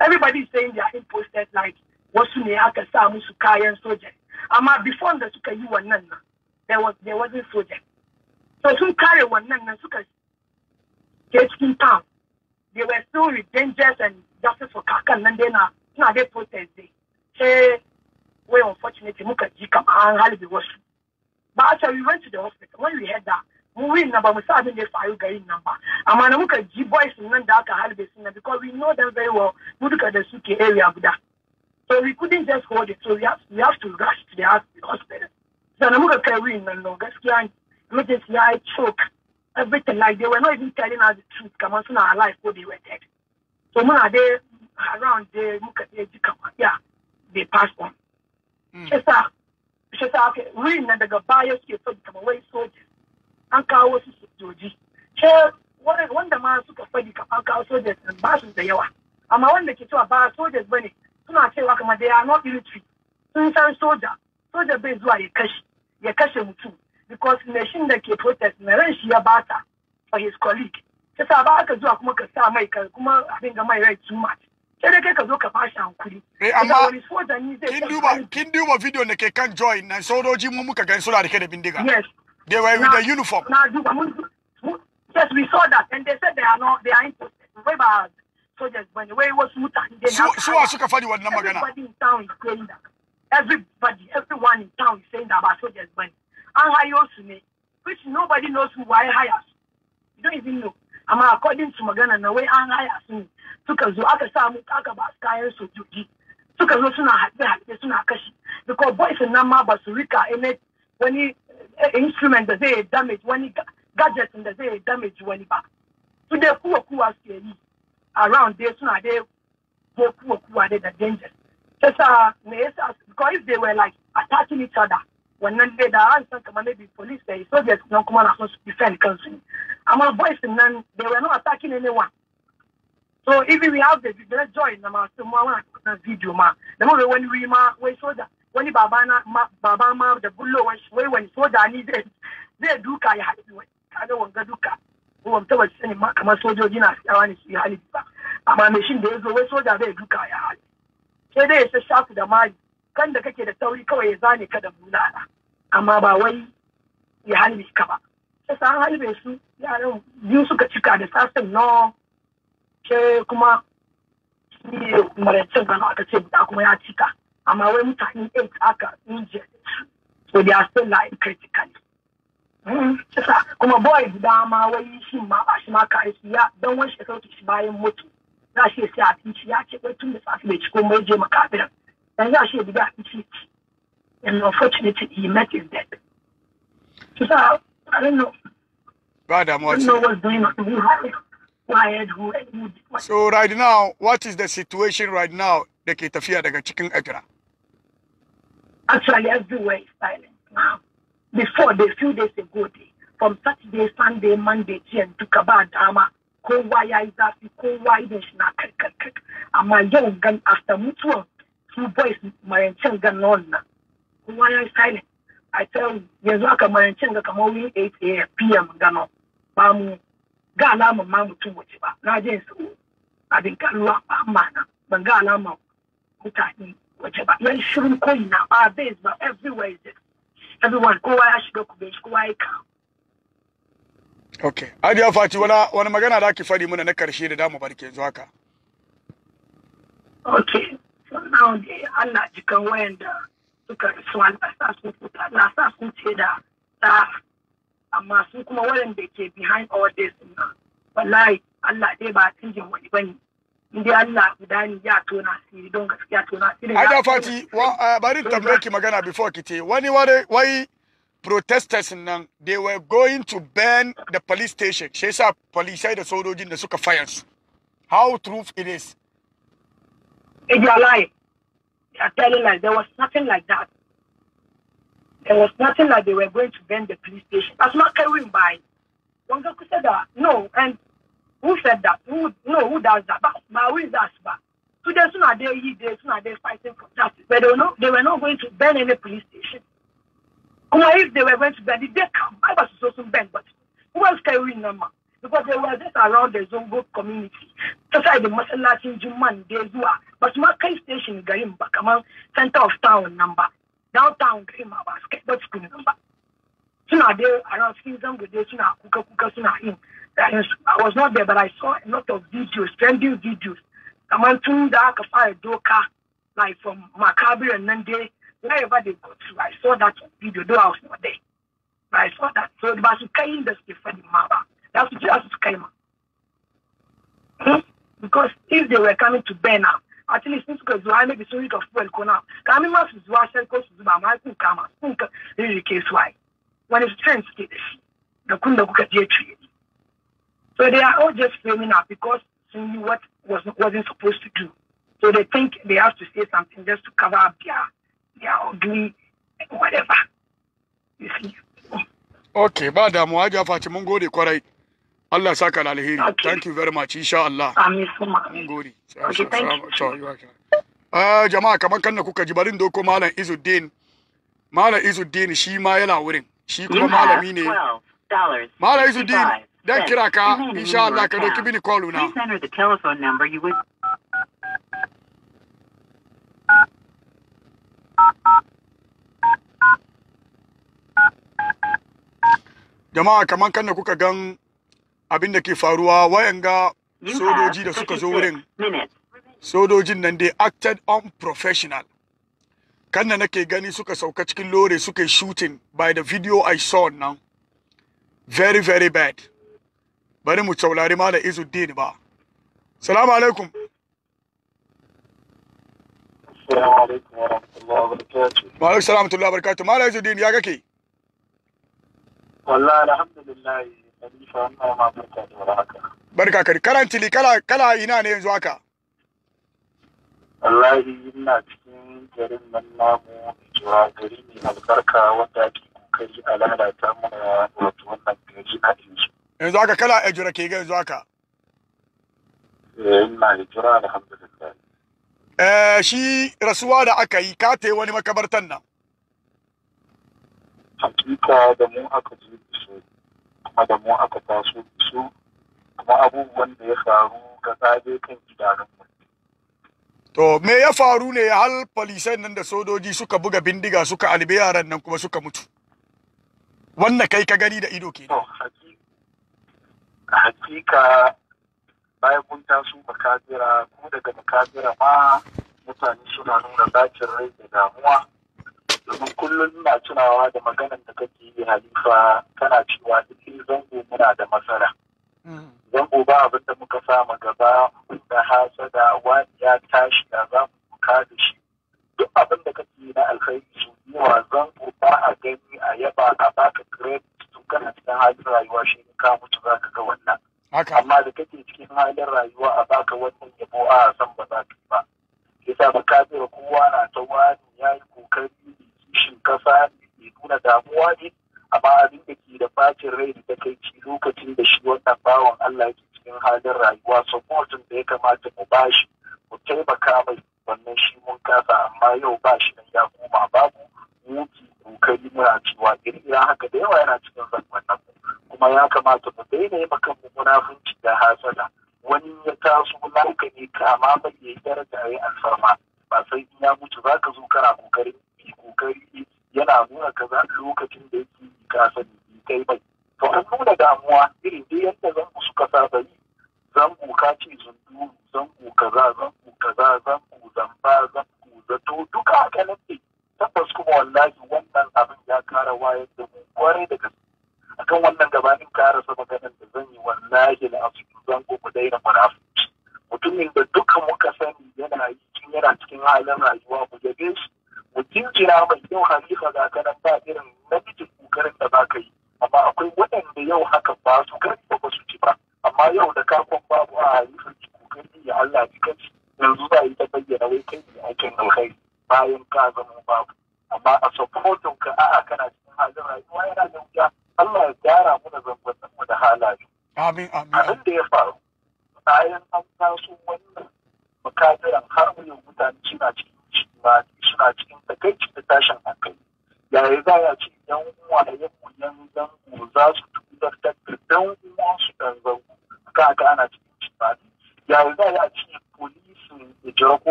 everybody is saying they are imposters like wasu ne aka sa musu kayan soldiers amma before da suka yi wannan nan there was there wasn't soja so sun kare wannan nan suka ke cikin town they were still dangerous and justice for kakan nan dai na suna dai protest dai sai we unfortunately muka ji kama an halibi wasu ba a we went to the hospital when we heard that mu win na ba mu sa abin da ya faru garin nan ba amma na muka ji boys nan da aka halibe sun nan because we know them very well mu duka da suke area guda So we couldn't just hold it. So we have we have to rush to the hospital. So I'm going to win and no gaskiya emergency I choke. Everything like they were not even telling us the truth. Come on, soon our life what they were dead. So when are they around they look at the yeah, they passed on. Mm. She said she said, okay, we in the bias here so come away soldiers. Anka was Joji. She one one the man super fadi anka soldiers and bashes the yawa. I'm Amma wanda ke a ba soldiers bane suna cewa kamar da ya not military sun san soja soja bai zuwa ya kashe ya kashe mutum because machine da ke protest na ran shi ya bata for his colleague ta sa ba aka zuwa kuma ka sa mai ka kuma abin ga mai right too much sai dai kai ka zo ka fashi hankuri eh amma kin duba kin duba video da ke kan joy na sojoji mu muka gani suna rike da bindiga yes they were with the uniform na duba mun yes we saw that and they said they are not they are interested wey ba soldiers bane wai wasu mutane dai su wa suka fadi wannan magana everybody in town is saying that everybody everyone in town is saying that ba soldiers bane an hayo su ne which nobody knows who why hire su you don't even know amma according to magana na wai an haya su ne suka zo aka sa mu aka ba su kayan sojoji suka zo suna haɗe haɗe suna kashi because boys nan ma ba su rika wani eh, instrument da zai damage wani gadget da zai damage wani ba su dai kuwa kuwa su yi around there suna are they kuwa da danger yasa me yasa because if they were like attacking each other wannan they da an san maybe police da soviet nan kuma na defend amma boys then they were not attacking anyone so if we have the video joy na masu ma na video ma da mu wani ma wai soja wani baba na baba ma wani soja ni zai duka ya haɗu wai kaga wanga duka ko ban taba sani ma kamar sojoji na tsayawa ne su yi hali ba amma mai shin da ya zo wai soja zai duka ya hali sai dai ya shafu da mali, kan da kake da tauri kawai ya zane ka da bulala amma ba wai ya halbe ka ba sai sa hali bai su yaran biyu suka cika da sasin no ke kuma mara gano aka ce guda kuma ya cika amma wai mutane 8 aka injiya so they are still lying critically Hmm, kuma boys dama wai shi ma ba shi ma karfi ya dan wani sauki shi bayan mutu za shi sai a tici ya ce wai tun da safi bai ci mai je makabira dan ya shi bi a tici and unfortunately he met his death kisa I don't know ba da mu So right now, what is the situation right now da ke tafiya daga cikin Accra? Actually, everywhere is silent now. before the few days ago day, from saturday sunday monday jiyan duka ba dama kowa ya yi zafi kowa Kek Kek na karkarkar amma yau gan after mutuwan two boys marancin gan na wannan kowa silent i tell yanzu aka marancin ga kamar wurin 8 pm gano bamu Gana, ga too much. Now, waje ba na je su abin kalluwa ba amma na ban ga alaman mutane waje ba shirin na base but everywhere is everyone kowa ya shiga kube shi kowa ya kawo okay adiya fati wani magana da ake fadi mana na karshe da damu barke yanzu haka okay sannan dai Allah jikan wayan da suka rasu Allah sa su fita Allah sa su ce da ta amma su kuma wayan da ke behind all this wallahi Allah dai ba tunjin wani bane ndi Allah idani ya tona siri don gaskiya tona siri Haja Fati ah, bari tambaye ki magana before ki wani wani wai protesters nan they were going to burn the police station shi yasa polisai da sojojin da suka fire su how truth it is If you are lying I telling lie there was nothing like that there was nothing like they were going to burn the police station that's not carrying by wanga kusa da no and who said that? Who no? Who does that? But Mawin does that. So Today, soon are they eat, they soon are they fighting for justice. But they were not, they were not going to burn any police station. Kuma, if they were going to burn it, they come. I was supposed to burn, but who else can we number? Because they were just around the Zongo community. Just like the Masalati Juman, they do. But Makai Station, is Garim, Bakaman, center of town number. Downtown, Garim, Abasketball school number. Soon are they around Skinzango, they soon are Kuka Kuka, soon are in. I was not there, but I saw a lot of videos, trending videos. Kamantung Dakafai Doka, like from Maccabi and Nande, wherever they go to. I saw that video, though I was not there. But I saw that. So the Basukai industry for the Maba. That's just a Hmm? Because if they were coming to burn out, at least since because I may be so weak of well now. Coming out is what I go to the Bama, I could the Really, case why. When it's friends, the Kunda Kuka Jetri. So they are all just filming up because she knew what was, wasn't supposed to do. So they think they have to say something just to cover up their, their ugly whatever. You see. Okay, ba why do you go to kwarai. Allah saka da alheri. Thank you very much insha Allah. Amin suma. Mun gode. Okay, thank you. Ah jama'a kamar kanna kuka ji barin doko malam Izuddin. Malam Izuddin shi ma yana wurin. Shi kuma malami ne. Malam Izuddin. dan kiraka ka insha Allah ka mini call na jama'a kaman kan kuka gan abin da ke faruwa wayan ga sojoji da suka zo wurin sojojin nan dai acted unprofessional kan da nake gani suka sauka cikin lore suka shooting by the video i saw now very very bad bari mu saurari malam Izuddin ba salamu alaikum Salamu alaikum wa rahmatullahi wa barakatuh. Wa alaikum salam wa barakatuh. Malam Izuddin ya gake? Wallahi alhamdulillah Khalifa Allah ma barka da haka. Barka kari karanti kala kala ina ne yanzu haka? wallahi ina cikin garin nan namu cewa gari ne albarka wanda ake kokari a lalata mana wato wannan gari a yanzu haka kana jira ke ga yanzu haka eh ina eh, shi rasuwa da aka yi ka tai wani makabartan nan hakika da mu aka ji su kuma da mu aka taso su kuma abubuwan da ya faru ka tsaje kan gidanun To me ya faru ne hal polisai nan da sojoji suka buga bindiga suka albe yaran nan kuma suka mutu. Wannan kai ka gani da ido ke. hakika bayan mun taso makabira ko daga makabira ma mutane suna nuna bacin rai da damuwa domin kullum ina tunawa da maganar da kake yi halifa kana cewa duk zango muna da matsala hmm. zango ba abin da muka sama gaba da hasada wani ya tashi da za mu da shi duk abin da kake yi na alkhairi su wa zango ba a gani a yaba a baka credit kana cikin halin rayuwa shi ka mutu za ka ga wannan amma da kake cikin halin rayuwa a baka wannan yabo a san ba za ka yi ba yasa ba ka tsira kowa na ta wani ya yi kokari ne kishin kasa ne nuna damuwa ne amma abin da ke da bacin rai da ci lokacin da shi wannan bawan Allah yake cikin halin rayuwa sabotin da ya kamata mu bashi mu taimaka mai wannan shi mun kasa amma yau ba shi nan ya koma babu muki kokari muna cewa irin haka da yawa yana cikin zangon nan kuma ya kamata mu daina yi maka mu munafunci da hasada wani ya taso naka ne kama bai yayi da yayi alfarma ba sai in ya mutu ka zo kana kokarin yi kokari yana nuna kaza lokacin da yake ka sani kai bai to an nuna damuwa irin dai yadda zan suka saba yi zango kaci zundu zango kaza zango kaza zango zamba zango zato duka haka nake tabbas kuma wallahi wannan abin ya kara wayar da mu kwarai da gaske akan wannan gabanin karasa maganar da zan yi wallahi na asibi zango ku daina munafurci mutumin da duka muka sani yana yi yana cikin halin rayuwa mu yabe shi mu jinjina mai yau halifa ga kanan ba irin namiji kokarin da ba ka yi amma akwai waɗanda yau haka ba su karfi ba su ci ba amma yau da kakon babu a halittar ki kokari ya Allah ki yanzu za yi ta bayyana wai kai ne aikin alkhairi bayan ka zama babu amma a supportin ka a'a kana cikin halin rayuwa yana da wuya Allah ya gyara mu da zangon mu da halaye amin amin abin da ya faru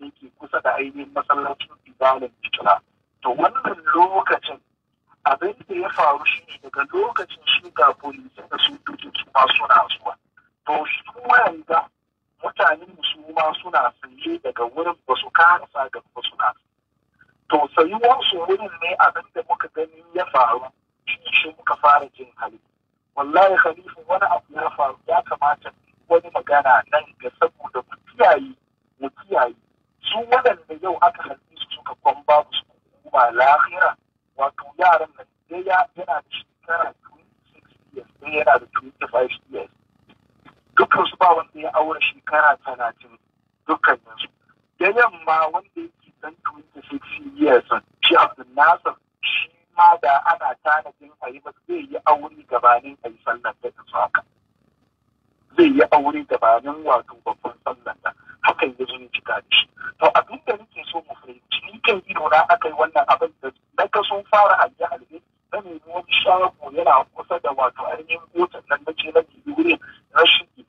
da yake kusa da ainihin masallacin izalin fitila to wannan lokacin abin da ya faru shi ne daga lokacin shi ga polisi da su duki su ma suna zuwa to su wanda mutanen su ma suna tsaye daga wurin ba su sa ga ba suna to wurin ne abin da muka gani ya faru shi shi muka fara jin hali wallahi khalifu wani abu ya faru ya kamata wani magana nan ga saboda mu kiyaye mu kiyaye su waɗanda yau aka harbe su suka kwan babu su kuma lahira wato yaran nan ɗaya yana da shekara 26 years ɗaya yana da 25 years dukkan su ba wanda ya aure shekara 30 dukkan yansu da ma wanda yake dan 26 years shi abdul nasir shi ma da ana tanadin a yi ba zai yi aure gabanin a yi sallar da haka zai yi aure da bayan wato babban sallan nan hakan ya zo ya cika da shi to abin da nake so mu fahimci ni kan ido na aka yi wannan abin da na ka sun fara hange halbe na nemi wani shago yana kusa da wato ainihin kotun nan na ce na ke wurin na shige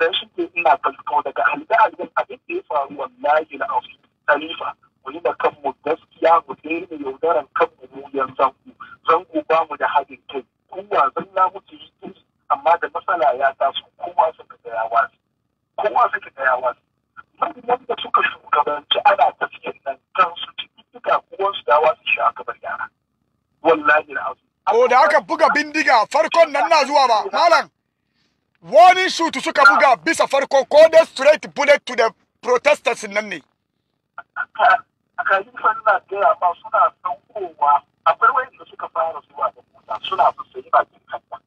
na shige ina kalko daga halbe halben abin da ya faru wallahi na auki talifa mu yi da kanmu gaskiya mu daina yaudaran kanmu mu yan zango zango ba mu da haɗin kai kowa na muke yi amma da matsala ya taso kowa suka ga ya wasu kowa suka ga ya wasu manyan da suka shugabanci ana tafiyar nan kansu duka kowa su da wasu shi aka bar yara wallahi na azu o da aka buga bindiga farkon nan na zuwa ba malam wani shutu suka buga bisa farko ko da straight bullet to the protesters nan ne kaji fanna da ba suna kowa akwai wanda suka fara zuwa da mota suna su bakin hanya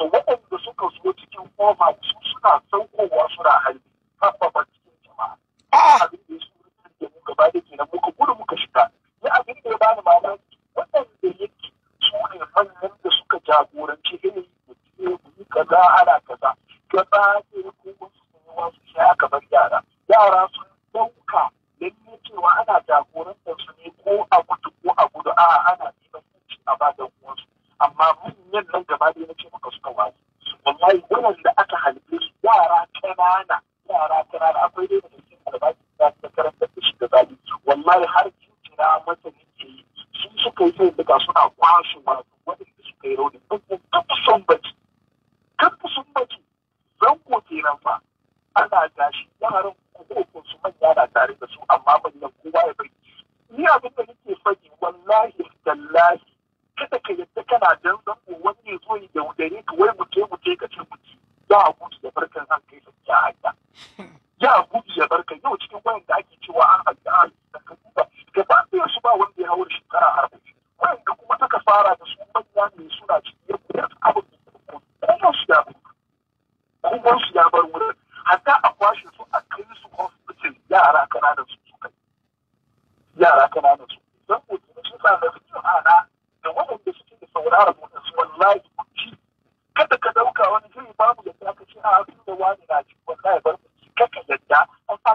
to waɗanda suka zo cikin koma su suna saukowa suna harbi haɓɓa cikin jama'a abin da ya su wurin da mu gaba da kenan muka gudu muka shiga ya abin da ya bani mamaki waɗanda yake su ne manyan da suka jagoranci ilimi da cikin yi kaza ana kaza gaba da ya kuma su ne wasu sai aka bar yara yara sun ɗauka don ne cewa ana jagorantar su ne ko a mutu ko a gudu a'a ana neman a ba da uwansu amma manyan nan gaba da yake muka suka wani wallahi waɗanda aka halitta su yara kanana yara kanana akwai dai da cikin albashi da ta karanta shi da zali wallahi har kira mata nake yi sun suka yi sai daga suna kwashe wani waɗanda suka yi rauni ɗin kafa son baki kafa son baki zan zango kenan fa ana gashi yaran ko su manya na tare da su amma manyan kowa ya bari ni abin da nake faɗi wallahi tallahi kada ka yadda kana dan zango wani ya zo da yaudare ka wai mutum mutum ka ce mutum ya gudu ya bar kan zan kai ya hanya ya gudu ya bar yau cikin wayan da ake cewa an hanya a yi da ka duba gaba ɗaya su ba wanda ya hawar shekara arba'in wayan da kuma taka fara da su manya ne suna cikin ya koyar abin da kuma su ya bar kuma su ya bar wurin hatta a kwashe su a kai su hospital yara kananan su kai. yara kananan su don mutum shi sa da su ana da waɗanda suke saurara waɗansu wallahi ku ci kada ka ɗauka wani zai babu yadda ka ce a abin da wani na ci wallahi bar ci kaka yadda an da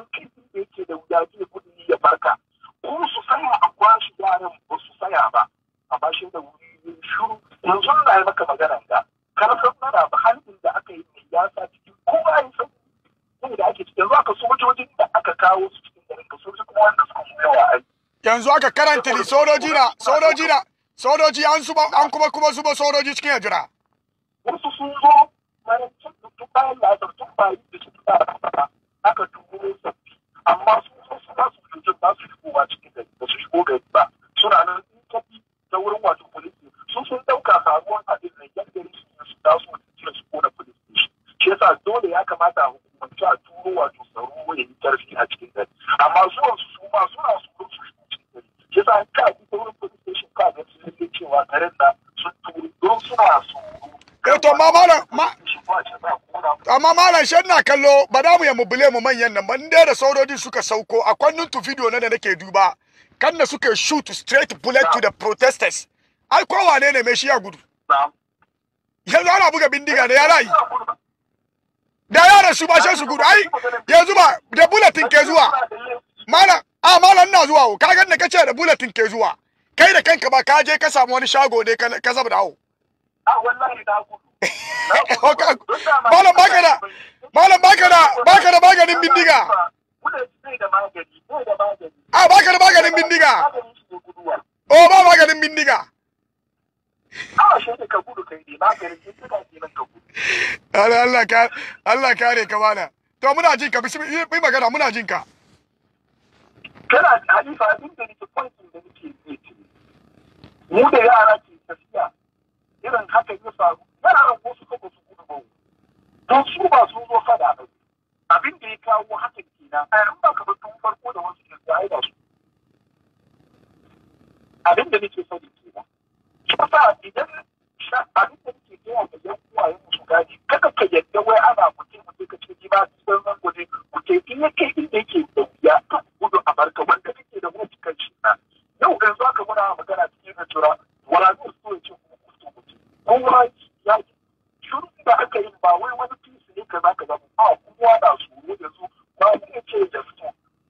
yake da wuya zai kuɗi ya barka ko su sanya a kwashi yaran ba su saya ba amma shi da wuri ne shuru yanzu na yi maka magana da ka fara ba halin da aka yi mai yasa cikin kowa ya san da ake yanzu aka sojojin da aka kawo su cikin garin ka kuma wanda suka yawa ai yanzu aka karanta sojoji na sojoji na sojoji an suba an kuma kuma zuba sojoji cikin hijira wasu sun zo mara tuntun bayan da aka duk bayan da su da aka dubo sabbi amma su zo su ba su jin ba su cikin gari ba su shigo gari ba suna nan in tafi ta wurin wato polisi sun sun dauka faruwan abin nan yan gari su ne su taso da jiya su kona police station shi yasa dole ya kamata a hukumance a turo wato tsaro ya yi karfi a cikin gari amma zuwan su su ma suna su su shigo shi sa ka ji ta wurin police station ka ga su ne cewa garin na sun turu don suna su eh, to amma malam ma amma malam shan na kallo ba da mu ya mubule mu manyan nan ban dai da saurodi suka sauko a kwannun tu video na da nake duba kan da suka shoot straight bullet to the protesters ai ko wane ne mai shi ya gudu yanzu ana buga bindiga da yara yi da yara su ba su gudu ai yanzu ba da bulletin ke zuwa malam a malam na zuwa o ka gan da kace da bulletin ke zuwa kai da kanka ba ka je ka samu wani shago ne ka zaba a wallahi da ku malam baka da baka da baka da maganin bindiga a baka da maganin bindiga o ba maganin bindiga Allah Allah kare ka mana to muna jin ka magana muna jin ka kana da halifa abin da nake kwanci da nake yi ce mu da yara ke tafiya irin haka ya faru yaran wasu kuma su gudu ba don su ba su zo fada ba abin da ya kawo haka kenan a yan baka batun farko da wasu ke zai da su abin da nake sani kenan shi yasa idan sha a da muke gaya da yan uwayen su gadi kada ka yadda wai ana mutum mutum ka ce ni ba su san zan gode ku ce in ya kai inda yake da wuya ka gudu a barka wanda kake da wani cikin shi na yau yanzu aka muna magana cikin da tura wala zai so ya ce kuma kusa mutum kowa ya yi shirin da aka yi ba wai wani fisi ne ka za ka zama ba kowa na tsoro yanzu ba ni ya ce da su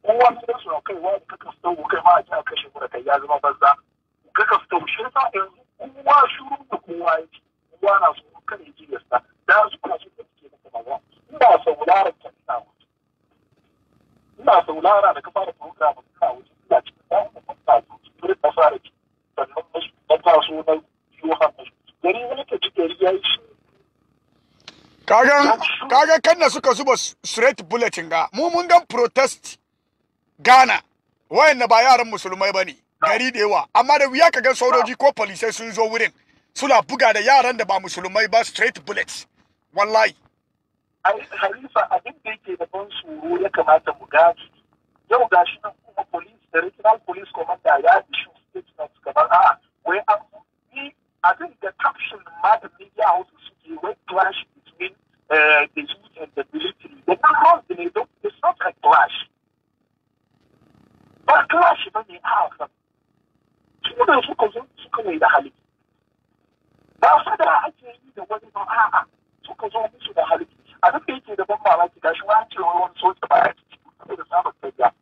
kowa sai su kai wani kakan sau kai ma a ji a kashe mura kai ya zama banza kakan sau shi yasa yanzu kowa shuru da kowa ya ce kowa na so kan yi ji da su na so da suke da kaza ina sauraron ta ina wuce ina saurara da kafa da program ina wuce ina cikin dawo da ta zuci turin da fara ci sannan ta so na yiwu hannu gari wani ka ci gari ya yi shi kagan kagan kanna suka zuba straight bulletin ga mu mun gan protest Ghana wayan na ba yaran musulmai bane gari da yawa amma da wuya ka ga sojoji ko polisai sun zo wurin suna buga da yaran da ba musulmai ba straight bullets wallahi halifa abin da yake da ban tsoro ya kamata mu gaji yau gashi nan kuma police da regional police commander ya issue statement kamar a wai an ni abin da caption ma da media houses suke wai clash between eh, the youth and the military the background ne don it's not a clash ba clash ba ne a sunan suka zo suka mai da halittu ba fada ake yi da wani ba a'a suka zo musu da halittu abin da yake da ban mamaki gashi wani cewa wani soja ba ya ci da samun kariya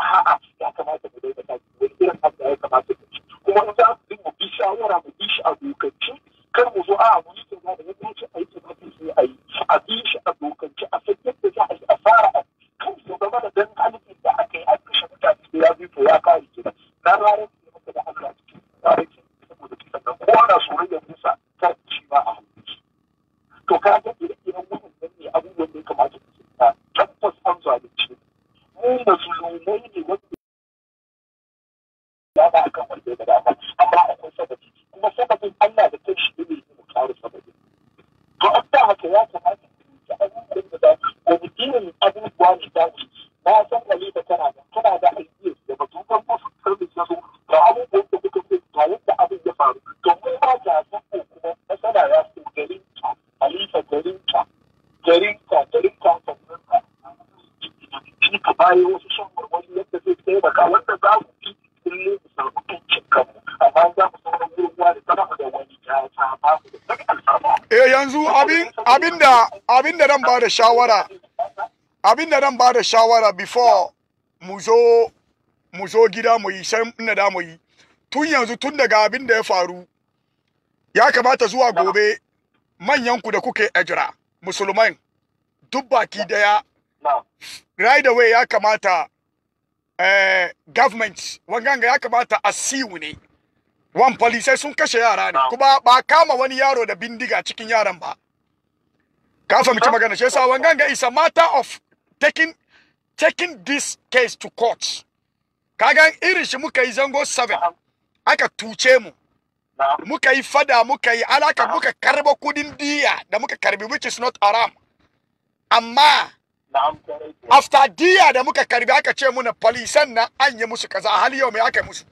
a'a ya kamata mu daina wani irin abu ya kamata mu ci kuma in mu bi shawara mu bi shi abokai ba da shawara abinda zan ba da shawara before mu zo mu zo gida mu yi sai ina da mu yi tun yanzu tun daga abin da ya faru ya kamata zuwa gobe manyan ku da kuke ajira musulman duk baki daya right away ya kamata eh government wanganga ya kamata a siwu ne wan police sun kashe yara ne kuma ba kama wani yaro da bindiga cikin yaran ba ka fahimci magana shi yasa wangan is a matter of taking taking this case to court kaga irin shi muka yi zango 7 aka tuce mu muka yi fada muka yi alaka muka karba kudin diya da muka karbi which is not haram amma after diya da muka karbi aka ce muna polisan na an yi musu kaza hali yau mai aka musu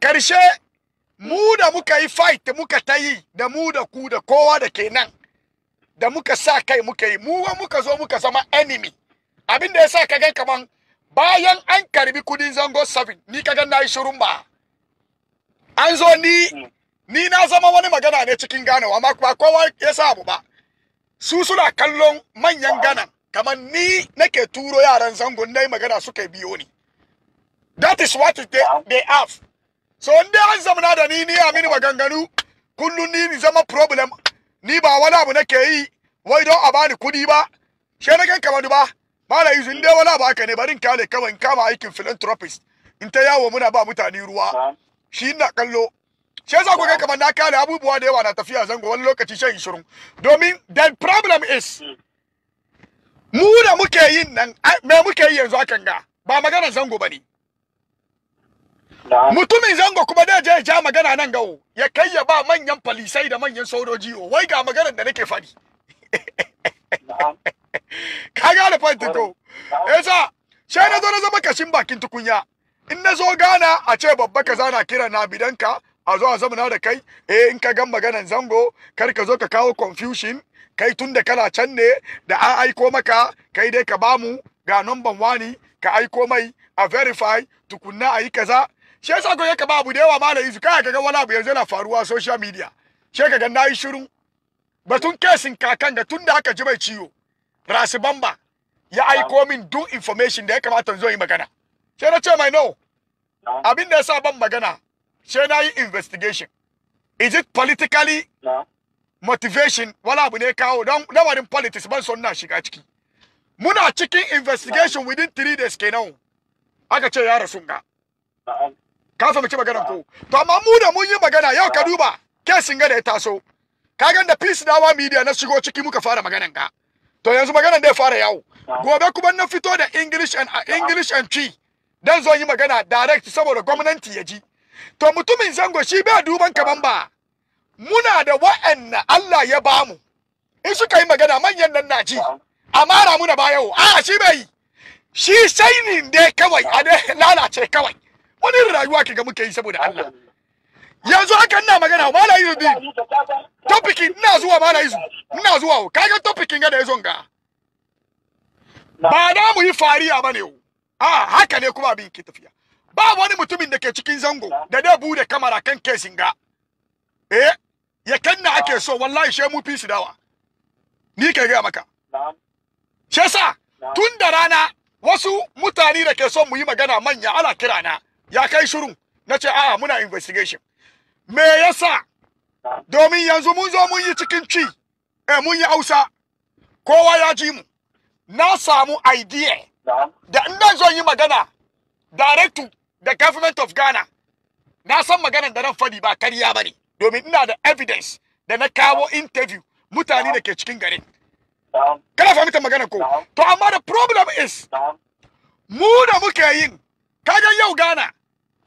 karshe mu da muka yi fight muka ta yi da mu da ku da kowa da kenan da muka sa kai muka yi mu muka zo muka zama enemy abin da yasa kaga kaman bayan an karbi kudin zango 7 ni na yi shirun ba an zo ni ni na zama wani magana ne cikin Ghana amma ba kowa ya abu ba su suna kallon manyan gana kaman ni nake turo yaran zangon nayi magana suka biyo ni that is what they, they have so inda an zamana da ni ni amini maganganu kullun ni zama problem ni ba wani abu nake yi wai don a bani kuɗi ba she na kamar ba mala yusu in wala wani abu ne bari in kale kawai in kama aikin philanthropist in ta yawo muna ba mutane ruwa shi ina kallo za ku ga kamar na kare abubuwa da yawa na tafiya zango wani lokaci shan shirin domin the problem is hmm. mu da muke yin nan me muke yi yanzu akan ga ba magana zango ba ne. mutumin zango kuma da je ja magana nan gawo ya kai ya ba manyan falisai da manyan sojoji wai ga maganar da nake fadi ka gane fantin ko sai na zo na zama kashin bakin tukunya in na zo gana a ce babba ka zana kira na bidanka a zo a zamana da kai eh in ka gan maganan zango kar ka zo ka kawo confusion kai tun da kana can ne da an aiko maka kai dai ka bamu ga number wani ka aiko mai a verify tukunna ayi kaza shi yasa ko yake ba abu da yawa malai su kai kaga wani abu yanzu yana faruwa social media she kaga nayi shiru batun kesin kakan da tunda aka ji mai ciwo rasu bamba ya aiko min duk information da ya kamata zo yi magana she na ce mai no abin da yasa ban magana she na yi investigation is it politically motivation wala abu ne kawo don lamarin politics ban son na shiga ciki muna cikin investigation within three days kenan aka ce ya rasu ga ka fahimci magana ko to amma mu da mun yi magana yau ka duba kesin ga da ya taso ka ga da peace dawa media na shigo ciki muka fara maganan ka to yanzu maganan da ya fara yawo gobe kuma na fito da english and uh, english and chi dan zo yi magana direct saboda gwamnati ya ji to mutumin zango shi bai duban kaman ba muna da wa'anna Allah ya bamu in suka yi magana manyan nan na ji amara muna ba yau a shi bai shi sai ne dai kawai a lalace kawai wani rayuwa kaga muke yi saboda Allah yanzu haka ina magana mala yi bi topiki ina zuwa mala yuzu ina zuwa ga topic ga da yazo ga ba da mu yi fariya bane o a haka ne kuma bin ke tafiya ba wani mutumin da ke cikin zango da da bude kamera kan kesin ga eh ya kanna ake so wallahi she mu fisi su dawa ni ke ga maka shi yasa tun da rana wasu mutane da ke son mu yi magana manya ala kirana. na ya kai shirin na ce a'a muna investigation me yasa domin yanzu mun zo mun yi cikin ci eh mun yi hausa kowa ya ji mu na samu idea da in zo yi magana direct to the government of Ghana na san maganar da nan fadi ba kariya bane domin ina da evidence da na kawo interview mutane da ke cikin garin kana fahimtar magana ko to amma the problem is mu da muke yin kaga yau Ghana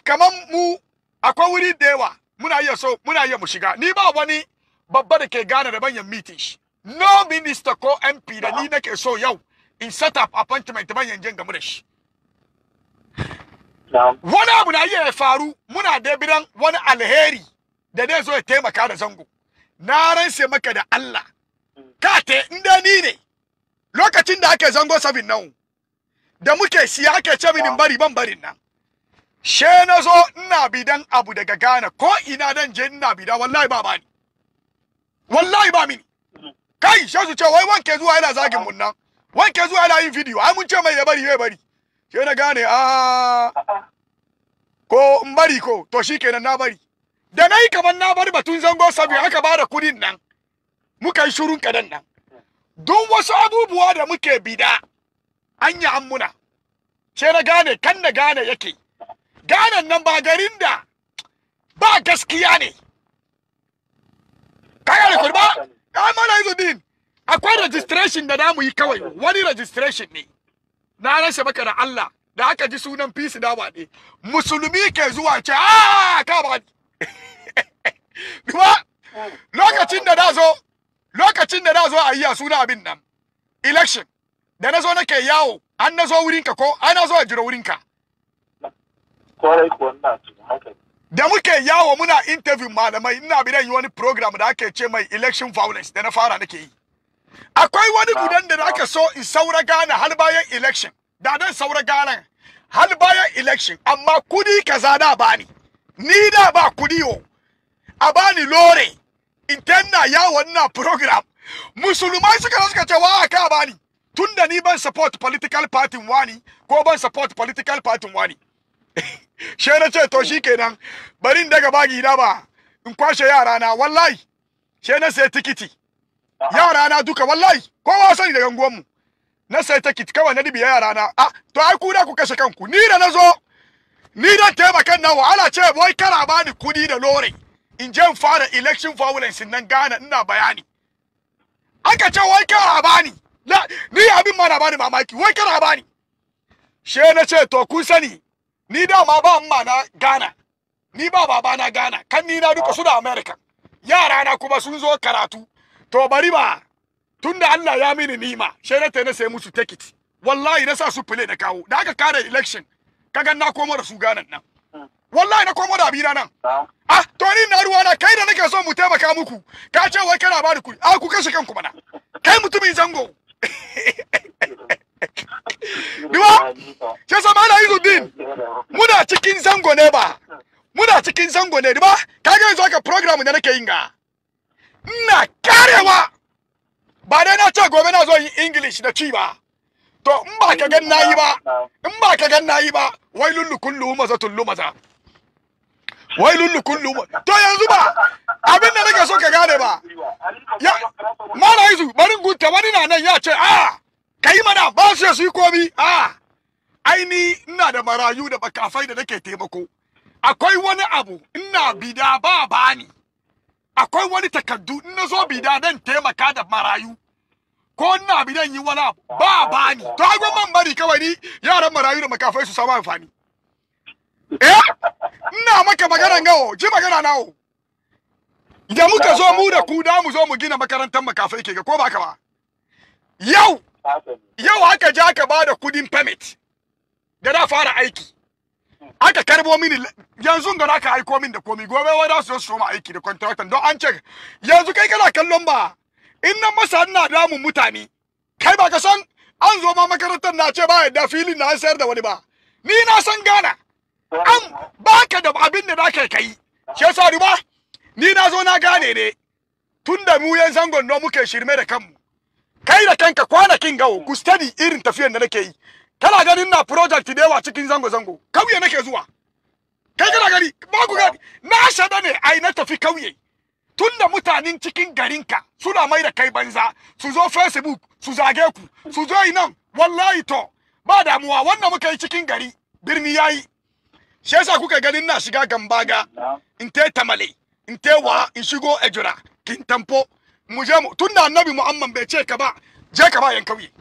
kaman mu akwai wuri da yawa muna iya so muna iya mu shiga ni ba wani babba da ke gane da banyan meeting shi no minister ko mp da ni nake so yau in set up appointment banyan jin game da shi wani abu na iya faru muna da bidan wani alheri da dai zo ya taimaka da zango na rance maka da Allah ka te inda ni ne lokacin da ake zango sabin nan da muke siya ake ce mini bari ban barin nan she na zo ina bidan abu daga Ghana ko ina dan je ina bidan wallahi ba bani wallahi ba mini kai she su ce wai wanke zuwa yana zagin mun nan wanke zuwa yana yin video ai mun ce mai ya bari ya bari she na gane a ah, ko in bari ko to shikenan na bari da nayi kaman na bari batun zango sabi aka bada kudin nan muka yi shurun kadan nan duk wasu abubuwa da muke bida an yi ammuna she na gane kan na gane yake ganan nan ba garin da ba gaskiya ne kaya da kurba ya mana din. akwai registration da namu yi kawai wani registration ne na rasa maka da Allah da aka ji sunan fisi da ne musulmi ke zuwa ce a ah, ka ba lokacin da na zo lokacin da na zo a yi a suna abin nan election da na zo nake yawo an na zo wurinka ko an na zo a jira wurinka Kwarai kuwa Da muke yawo muna interview malamai ina bidan yi wani program da ake ce mai election violence da na fara nake yi. Akwai wani ah, gudan da ah. aka so in saura gane har bayan election. Da dan saura gane har bayan election amma kudi kaza da bani. Ni da ba kudi o A bani lore. In na yawon na program. Musulmai suka suka ce wa aka bani. Tunda ni ban support political party wani ko ban support political party wani. she na ce to shikenan bari in daga bagi na ba in kwashe yara na wallahi she na sai tikiti yara na duka wallahi kowa sani daga unguwan mu na sai tikiti kawai na dibi yara na ah to ai ku da ku kashe kanku ni da nazo ni da taimakan na wahala ce boy kara bani kudi da lore in je fara election violence nan gana ina bayani aka ce wai kara bani ni abin ma na bani mamaki wai kara bani she na ce to kun sani ni dama ba amma na Ghana ni ba baba na Ghana kan ni na duka suna America yara na kuma sun zo karatu to bari ba tunda Allah ya mini nima she na tana sai musu ticket wallahi na sa su fule da kawo da aka kare election kaga na komo da su Ghana nan hmm. wallahi na komo da abina nan ah to ni na ruwa na kai da nake so mu taimaka muku ka ce wai kana ba da kuɗi a ah, ku kashe kanku bana kai mutumin zango Duwa, ke sama Izuddin, muna cikin zango ne ba, muna cikin zango ne, duwa, ka ga yanzu aka program da nake yin ga. Ina karewa, ba dai na ce gobe na zo yin English da ci ba. To, in ba ka gan nayi ba, in ba ka gan nayi ba, wai lullukun lumaza tullumaza. Wai lullukun lumaza. To yanzu ba, abin da nake so ka gane ba. Ya, mana Izu, bari gunta wani na nan ya ce, ah, kai mana ba su su yi komi a aini ina da marayu da bakafai da nake taimako akwai wani abu ina bida ba bani akwai wani takardu ina zo bida dan taimaka da marayu ko ina bidan yi wani abu ba bani to ai gwamnan bari kawai ni yaran marayu da makafai su samu amfani eh ina maka magana gawo ji magana nawo idan muka zo mu da ku da mu zo mu gina makarantar makafai ke ga ko ba ka ba yau Yau aka je aka ba da kudin permit da na fara aiki. Aka karbo mini yanzu ga aka aiko min da komi gobe wai su su ma aiki da contractor don an ce yanzu kai kana kallon ba in nan masa ina damun mutane kai ba ka san an zo ma makarantar na ce ba yadda filin na sayar da wani ba ni na san gana an baka da abin da zaka kai shi yasa ba ni na zo na gane ne tunda mu yan zangon muke shirme da kanmu kai da kanka kwanakin gawo ku study irin tafiyar da nake yi kana ganin na project da yawa cikin zango zango kauye nake zuwa kai kana gari ba ku gani na shada ne ai na tafi kauye tun da mutanen cikin garinka suna mai da kai banza su zo facebook su zage ku su zo nan wallahi to ba damuwa wannan muka yi cikin gari birni yayi shi yasa kuka ganin na shiga gambaga in te tamale in te wa in shigo ejura kin tampo mu je mu tunda annabi muhammad bai ce ka ba je ka ba yan kauye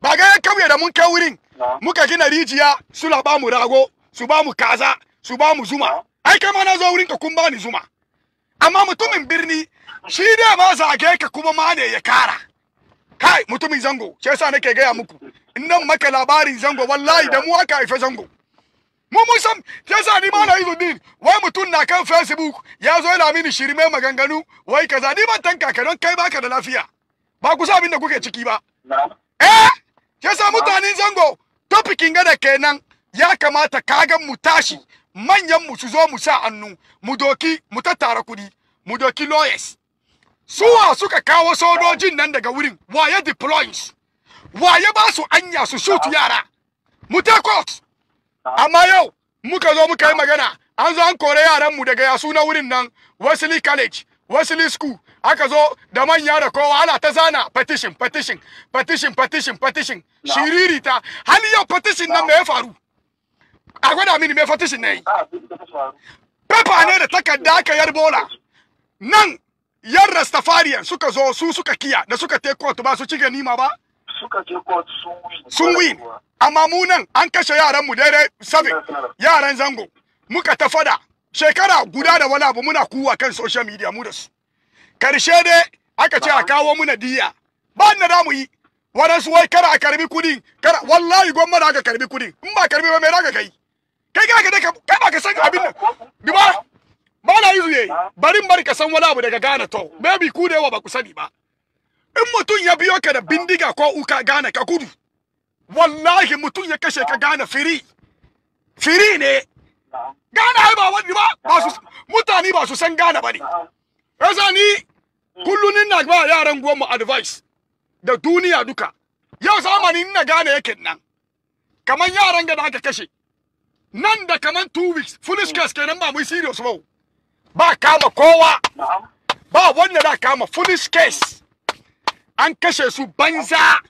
ba ga yan kauye da mun kai wurin muka gina rijiya suna ba mu rago su ba mu kaza su ba mu zuma ai kai ma na zo wurin ka kun ba ni zuma amma mutumin birni shi da ma zage ka kuma ma ne ya kara kai mutumin zango shi yasa nake gaya muku in nan maka labarin zango wallahi da mu aka haife zango mu musam san sa ni ma na din wai mutum na kan Facebook ya zo yana mini shirme maganganu wai kaza ni ban tanka ka don kai baka da lafiya ba ku sa abin da kuke ciki ba eh yasa mutanen zango topikin gada kenan ya kamata kagan mu tashi manyan mu su zo mu sa annu mu doki mu tattara kuɗi mu doki lawyers suwa suka kawo sojojin nan daga wurin waye deploys waye ba su anya su shoot yara mu take amma yau muka zo muka yi magana an zo an kore yaran mu daga yasu na wurin nan Wesley College Wesley School aka zo da manya da kowa ana ta zana petition petition petition petition petition shiriri ta yau petition nan me faru a gwada mini me petition ne ah, pepa ne da takarda aka yar bola nan yan rastafarian suka zo su suka kiya da suka take court ba su ci ganima ba suka je court sun win sun win amma mu nan an kashe yaran mu daidai seven yaran zango muka ta fada shekara guda da wani abu muna kuwa kan social media mu da su karshe dai aka ce a kawo muna diya ba na da mu yi waɗansu wai kara a karbi kudi kara wallahi gwamma da aka karbi kudi in ba karbi ba mai da ka kai kai ka ga kai ba ka san abin nan ba na yi zuye barin bari ka san wani abu daga Ghana to maybe ku da yawa ba ku sani ba in mutum ya biyo ka da bindiga ko uka gane ka gudu wallahi mutum ya kashe ka gane firi firi ne gane ai ba wani ba mutane ba su san gana ba ne yasa ni kullun na ba yaran mu advice da duniya duka yau zamani ina gane yake nan kaman yaran ga da aka kashe nan da kaman two weeks foolish case kenan ba mu serious ba ba kama kowa ba wanda da kama foolish case an kashe su banza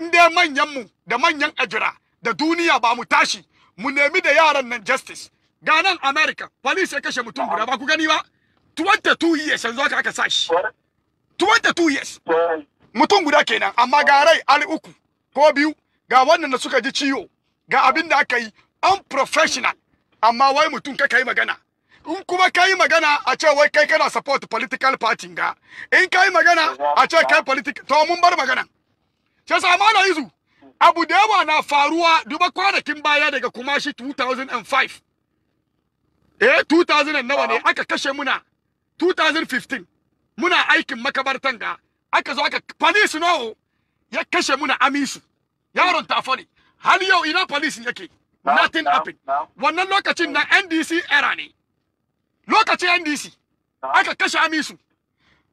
inda mu da manyan ajira da duniya ba mu tashi mu nemi da yaran nan justice ga nan america police ya kashe mutum guda ba ku gani ba 22 years yanzu aka aka sashi 22 years mutum guda kenan amma ga rai ali uku ko biyu ga wannan da suka ji ciwo ga abin da aka yi unprofessional amma wai mutum kaka kai magana in kuma ka yi magana a ce wai kai kana support political party ga in ka yi magana a ce kai political to mun bar magana ce sa amana izu abu da yawa na faruwa duba kwanakin baya daga kuma shi 2005 eh 2000 nawa ne aka kashe muna 2015 muna aikin makabartan ga aka zo aka police no ya kashe muna amisu yaron tafa ne har yau ina police yake nothing happened wannan lokacin na NDC era ne lokacin ndc ah. aka kashe amisu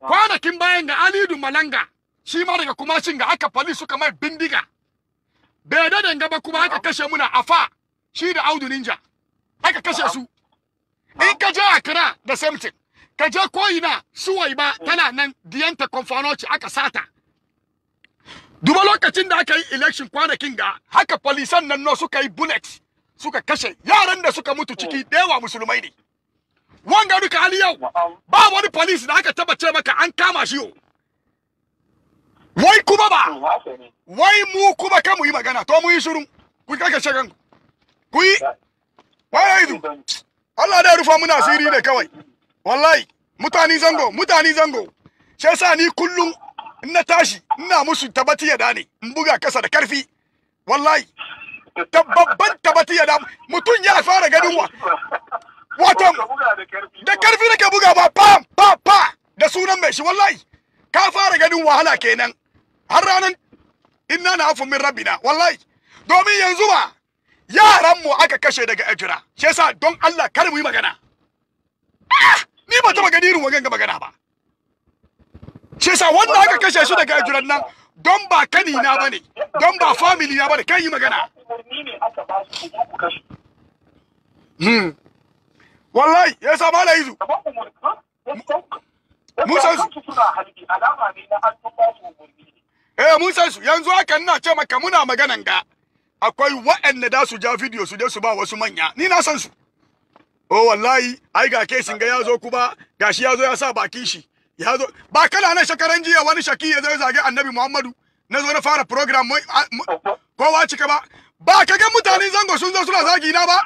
ah. kwanakin bayan da alidu malanga shi ma daga kumacin ga aka fali suka mai bindiga bai dadan ba kuma aka kashe muna afa shi da audu ninja aka kashe su in ka je akra da samtin ka je koyina suwai ba tana nan diyanta konfanoci aka sata duba lokacin da aka yi election kwanakin ga haka polisan nan no suka yi bullet suka kashe yaran da suka mutu ciki dewa musulmai ne wanga duka hali yau ba wani police da aka tabbace maka an kama shi yau wai kuma ba wai mu kuma kan mu yi magana to mu yi shiru ku ka shagan ku yi wai du Allah da rufa muna asiri ne kawai wallahi mutani zango mutani zango shi sa ni kullum in na tashi ina musu tabbati ya dane in buga kasa da karfi wallahi ta babban ya da mutum ya fara ganin wa wato da karfi nake buga ba pam pam pa da sunan mai shi wallahi ka fara ganin wahala kenan har ranan inna na afu min rabbina wallahi domin yanzu ba yaran mu aka kashe daga ajira shi yasa don Allah kar mu yi magana ah, ni ba taba gani irin wagan ga magana ba shi yasa wanda aka kashe shi daga ajiran nan don ba kani na bane don ba family na bane kan yi magana Hmm. wallahi ya sa mala izu mun san su eh mun su yanzu haka ina ce maka muna maganan ga akwai wa'anda da su ja video su je su ba wasu manya ni na san su oh wallahi ai ga shin ga yazo ba gashi yazo ya sa bakin shi yazo ba kana nan shakaran jiya wani shaki ya zai zage annabi Muhammadu na zo na fara program kowa cika ba ba ka ga mutanen zango sun zo suna zagi na ba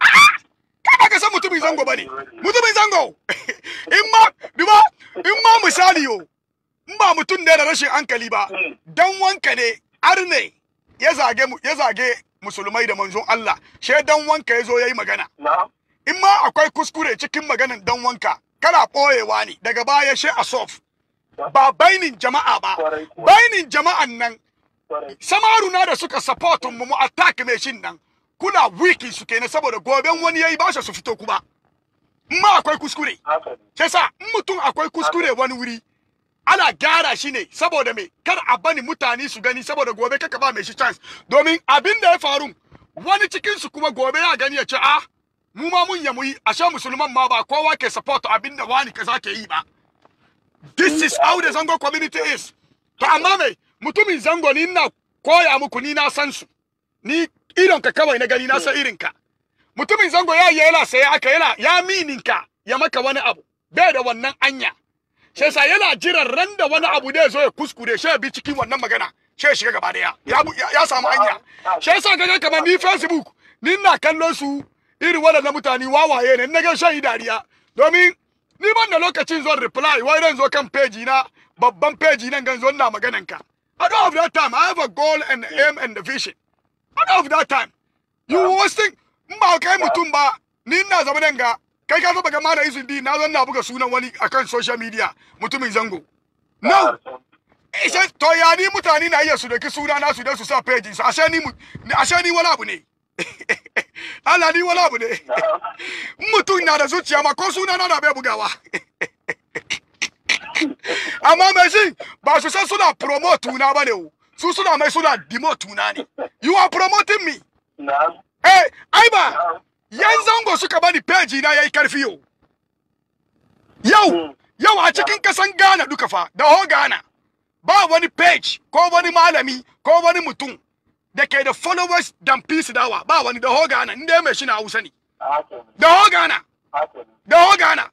ah! baka san mutumin zango bane mutumin zango in ma duba in ma misali yo in ba mutum ne da rashin hankali ba dan wanka ne arne ya zage ya zage musulmai da manzon Allah she dan wanka yazo yayi magana in ma akwai kuskure cikin maganan dan wanka kana boyewa ne daga baya she a sof ba bainin jama'a ba bainin jama'an nan samaruna da suka support mu mu attack nan kuna wiki su kenan saboda goben wani yayi ba su fito kuma ma akwai kuskure kesa in mutum akwai kuskure wani wuri ana gyara shi ne saboda me kar a bani mutane su gani saboda gobe kaka ba mai shi chance domin abin da ya faru wani cikin su kuma gobe ya gani ya ce ah mu ma mun ya muyi sha musulman ma ba kowa ke support abin da wani kaza ke yi ba this is how the zango community is to amma me mutumin zango ni ina koya muku ni na san su ni idon ka kawai na gani na san irin ka mutumin zango ya yi yana saya aka yana ya mininka ya maka wani abu bai da wannan anya sai sa yana jiran ran da wani abu da ya zo ya kuskure shi ya bi cikin wannan magana shi ya shiga gaba daya ya samu anya shi yasa kaga kamar ni facebook ni na kallon su irin waɗannan mutane wawaye ne na ga shan dariya domin ni ban da lokacin zon reply wai ran zo kan page na babban page nan gan zo ina maganan ka i don't have that time i have a goal and aim and a vision out of that time you um, wasting in ba kai ba ni na zama nan kai ka taba mana da di na zan na buga sunan wani social media mutumin zango no um, eh, ishe to ya ni mutane na iya su daki suna na su dan su sa page su ashe ni ashe wala abu ne Allah ni wala ne um. na da zuciya ma ko suna na da bai bugawa amma ba su san suna promote na bane o su suna mai suna demote na ne you are promoting me na'am eh aiba yan zango suka bani page na yayi karfi yo yau hmm. yau a cikin kasan Ghana duka fa da ho Ghana ba wani page ko wani malami ko wani mutum da ke da followers dan peace dawa ba wani da ho Ghana inda mai shi na Hausa ne da ho Ghana da ho Ghana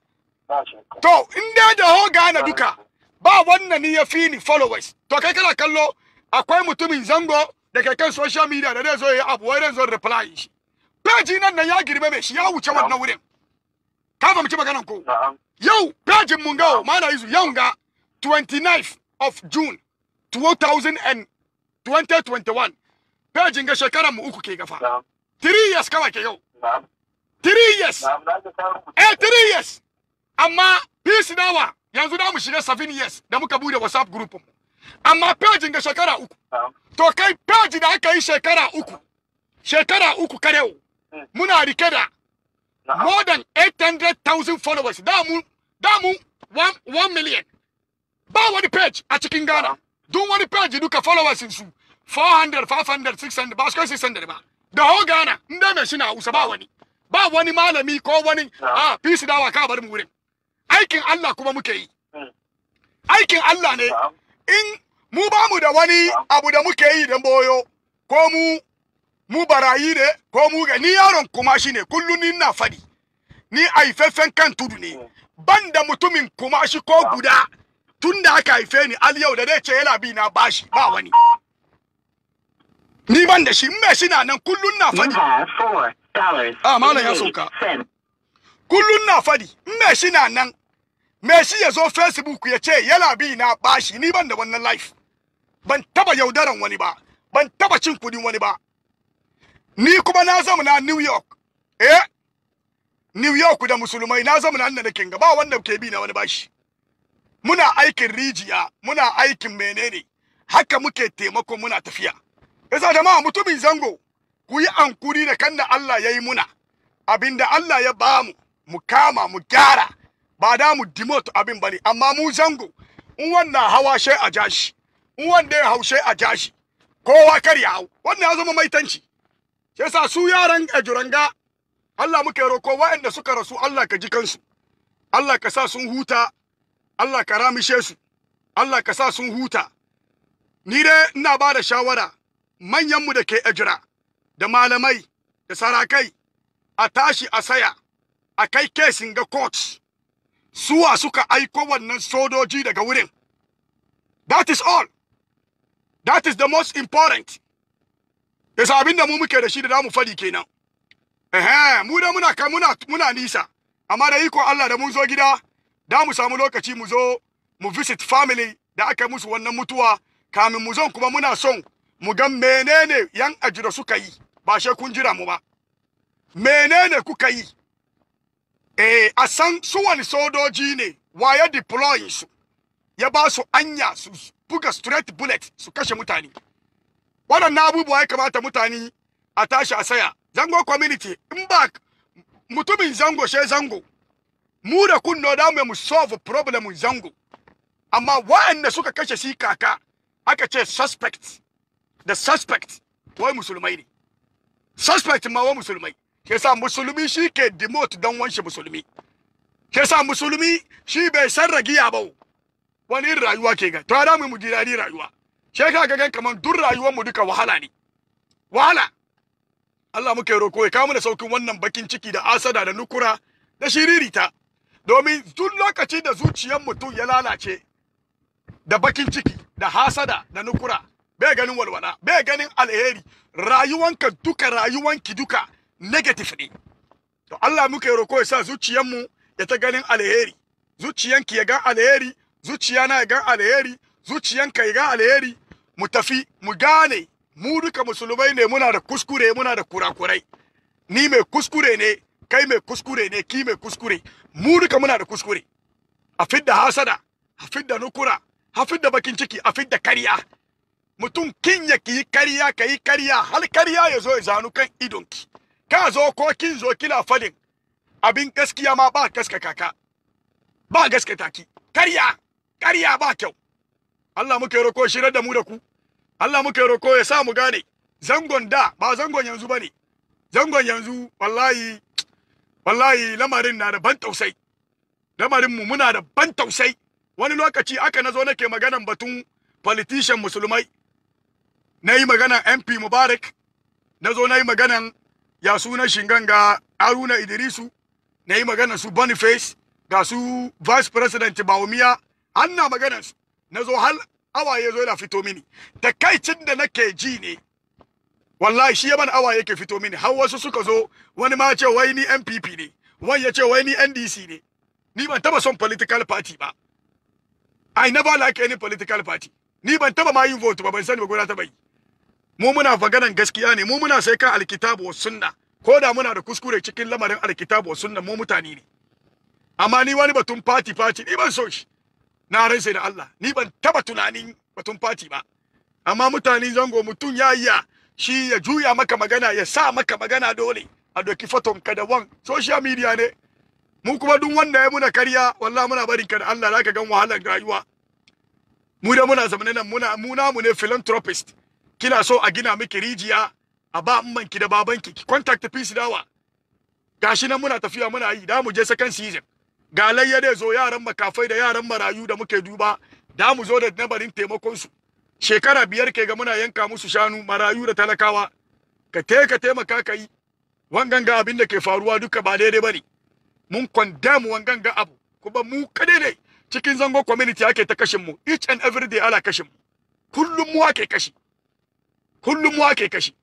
to inda da ho Ghana duka ba wannan ne ya fi ni followers to kai kana kallo akwai mutumin zango da ke kan social media da zai zo ya abu wai zai zo reply shi page nan nan ya girme mai shi ya wuce wannan wurin ka fahimci magana ko yau page mun ga mana yuzu yau ga 29 of June 2021 page ga shekaran mu uku ke gafa 3 years kawai ke yau 3 years eh 3 years amma peace dawa yanzu da mu shiga 7 years da muka bude WhatsApp group amma pejin ga shekara uku to kai peji da aka yi shekara uku shekara uku karewo hmm. muna rike da more than 800,000 followers damu damu 1 million ba wani page a cikin Ghana duk wani page duka followers su 400 500 600 ba su kai 600 ba da ho Ghana inda da shi na Hausa ba wani ba wani malami ko wani ah peace dawa ka bar mu wurin aikin Allah kuma muke yi hmm. aikin Allah ne in mu ba mu da wani abu da muke yi da boyo ko mu mu barayi ne ko mu ga ni yaron kuma shine kullun ni na fadi ni haifaffen kan tudu ne ban da mutumin kuma shi ko guda tun da aka haife ni al yau da dai ce yana bi na bashi ba wani ni ban da shi me shi na nan kullun na fadi a ah, mala ya soka kullun na fadi me shi na nan me shi ya zo facebook ya ce yana bi na bashi ni ban da wannan life ban taba yaudaran wani ba ban taba cin kudin wani ba ni kuma na na New York eh New York da musulmai na zamana nan da ga ba wanda ke bi na wani bashi muna aikin rijiya muna aikin menene haka muke taimako muna tafiya yasa jama'a mutumin zango ku yi ankuri da kanda Allah yayi yi muna abinda Allah ya bamu mu kama mu gyara ba da mu demote abin bane amma mu zango in wannan hawa shai a jashi wanda ya haushe a jashi kowa kar ya hau wannan ya zama maitanci sai sa su yaran ajuranga Allah muka roko waɗanda suka rasu Allah ka ji kansu Allah ka sa sun huta Allah ka ramishe su Allah ka sa sun huta ni dai ina ba da shawara manyanmu da ke ajira da malamai da sarakai a tashi a saya a kai kesin ga court suwa suka aiko wannan sojoji daga wurin that is all that is the most important yasa abin da mu muke da shi da mu fadi kenan eh mu da muna kai muna muna nisa amma da iko Allah da mun zo gida da mu samu lokaci mu zo mu visit family da aka musu wannan mutuwa kamin mu kuma muna son mu ga menene yan ajira suka yi ba she kun jira mu ba menene kuka yi eh a san su wani sodoji ne waye deploying su ya ba su anya su buga straight bullet su kashe mutane waɗannan abubuwa ya kamata mutane a tashi a saya zango community in ba mutumin zango she zango mu da kunno da mu mu solve problem zango amma waɗanda suka kashe shi kaka aka ce suspect da suspect wai musulmai ne suspect ma wai musulmai ke sa musulmi shi ke demote don wanshi musulmi ke sa musulmi shi bai san ragiya ba wani irin rayuwa ke ga to da mu ji daɗi rayuwa sai ka ga kaman duk rayuwar mu duka wahala ne wahala Allah muke roko ya kawo mana saukin wannan bakin ciki da asada da nukura da shiririta domin duk lokacin da zuciyar mutum ya lalace da bakin ciki da hasada da nukura bai ganin walwala bai ganin alheri rayuwanka duka rayuwanki duka negative ne to Allah muke roko ya sa zuciyar mu ya ta ganin alheri zuciyanki ya ga alheri zuciya na ga alheri kai ga alheri mu tafi mu gane mu duka musulmai ne muna da kuskure muna da kurakurai ni mai kuskure ne kai mai kuskure ne ki mai kuskure mu duka muna da kuskure a fidda hasada a fidda nukura a fidda bakin ciki a fidda kariya mutum kinya ki yi kariya ka yi kariya har kariya ya zo ya zanu kan idonki ka zo ko kin zo kila fadin abin gaskiya ma ba gaskata ka ba gaskata ki kariya ƙarya ba kyau Allah muka yi roko shirar da mu da ku Allah muka yi roƙo ya sa mu gane zangon da ba zangon yanzu bane zangon yanzu wallahi wallahi lamarin na da ban tausai lamarin mu muna da ban tausai wani lokaci aka nazo nake maganan batun politician musulmai na yi maganan MP Mubarak na zo na yi maganan ya sunan shinganga Haruna Idrisu na yi maganan su Boniface ga su Vice President Bawumia anna maganar su na zo har awaye zo yana fito mini takaicin da nake ji ne wallahi shi yaban awaye yake fito mini har wasu suka zo wani ma ce wai ni MPP ne wani ya ce wai ni NDC ne ni ban taba son political party ba I never like any political party ni ban taba ma yin vote ba ban sani ba gona ta bai. mu muna maganan gaskiya ne mu muna sai kan alkitabu was sunna ko da muna da kuskure cikin lamarin alkitabu was sunna mu mutane ne amma ni wani batun party party ni ban so shi na ransa da Allah ni ban taba tunanin batun fati ba amma mutane zango mutum ya yi shi ya juya maka magana ya sa maka magana dole a doki foton ka da wan social media ne mu kuma duk wanda ya muna karya wallahi muna barin ka da Allah zaka gan wahalar rayuwa mu da muna zamanin nan muna mu na mu ne philanthropist kina so a gina miki rijiya a ba amman ki da babanki ki contact peace dawa gashi nan muna tafiya muna yi da mu je second season ga layya da zo yaran makafai da yaran marayu da muke duba da mu zo da nabarin taimakon su shekara biyar ke ga muna yanka musu shanu marayu da talakawa ka te ka taimaka ka yi wangan ga abin da ke faruwa duka ba daidai bane mun condemn wangan ga abu kuma mu kadai ne cikin zango community ake ta kashin mu each and every day ala kashin mu kullum mu ake kashi kullum mu ake kashi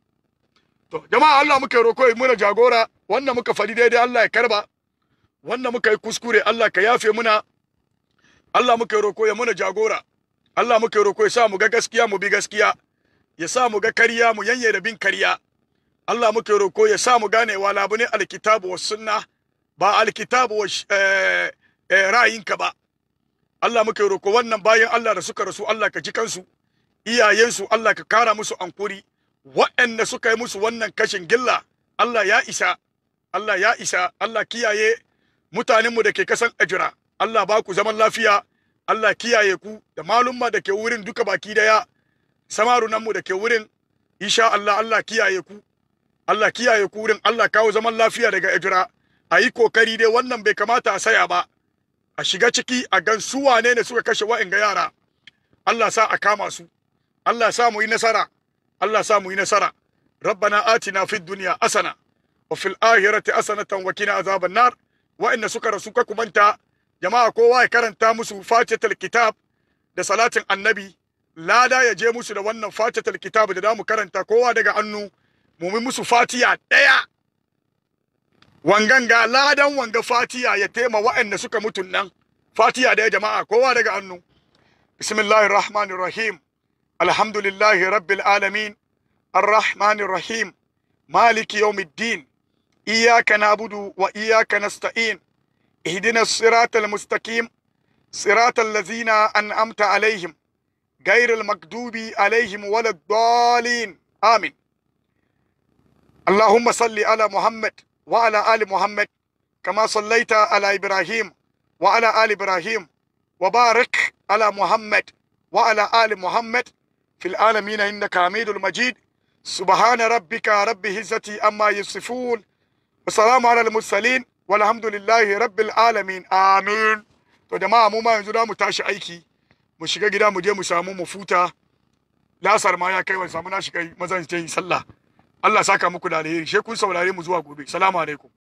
to jama'a Allah muke roko yi muna jagora wanda muka fadi daidai Allah ya karba wanda muka yi kuskure Allah ka yafe muna Allah muka yi roko ya muna jagora Allah muka yi roko ya sa mu ga gaskiya mu bi gaskiya ya sa mu ga kariya mu yanye da bin kariya Allah muka yi roko ya sa mu gane wa labune alkitabu was sunna ba alkitabu was eh, eh, ra'ayinka ba Allah muka yi roko wannan bayan Allah da suka rasu Allah ka ji kansu iyayensu Allah ka kara musu ankuri waɗanda suka yi musu wannan kashin gilla Allah ya isa Allah ya isa Allah kiyaye mutanenmu da ke kasan ajira Allah ba ku zaman lafiya Allah kiyaye ku da malumma da ke wurin duka baki daya samarunanmu da ke wurin insha Allah Allah kiyaye ku Allah kiyaye ku wurin Allah kawo zaman lafiya daga ajira a yi kokari dai wannan bai kamata a saya ba a shiga ciki a gan su wane ne suka kashe wa'in ga yara Allah sa a kama su Allah sa mu yi nasara Allah sa mu yi nasara ربنا آتنا في الدنيا حسنة وفي الآخرة حسنة وقنا عذاب النار waɗanda suka rasu ka kumanta jama'a kowa ya karanta musu fatihatul kitab da salatin annabi lada ya je musu da wannan fatihatul kitab da zamu karanta kowa daga annu mu yi musu fatiya daya wanganga ladan wanga fatiya ya tema wa'anda suka mutun nan fatiya daya jama'a kowa daga annu bismillahir rahmanir rahim alhamdulillahi rabbil alamin الرحمن الرحيم مالك يوم الدين إياك نعبد وإياك نستعين اهدنا الصراط المستقيم صراط الذين أنعمت عليهم غير المكدوب عليهم ولا الضالين آمين اللهم صل على محمد وعلى آل محمد كما صليت على إبراهيم وعلى آل إبراهيم وبارك على محمد وعلى آل محمد في العالمين إنك حميد المجيد سبحان ربك رب هزتي أما يصفون Assalamu ala al-mursalin walhamdulillahi rabbil alamin amin to jama'a mu ma yanzu da mu tashi aiki mu shiga gida mu je mu samu mu futa lasar ma ya kai wani samu na shiga mazan je sallah Allah saka muku da alheri she kun saurare mu zuwa gobe salamu alaikum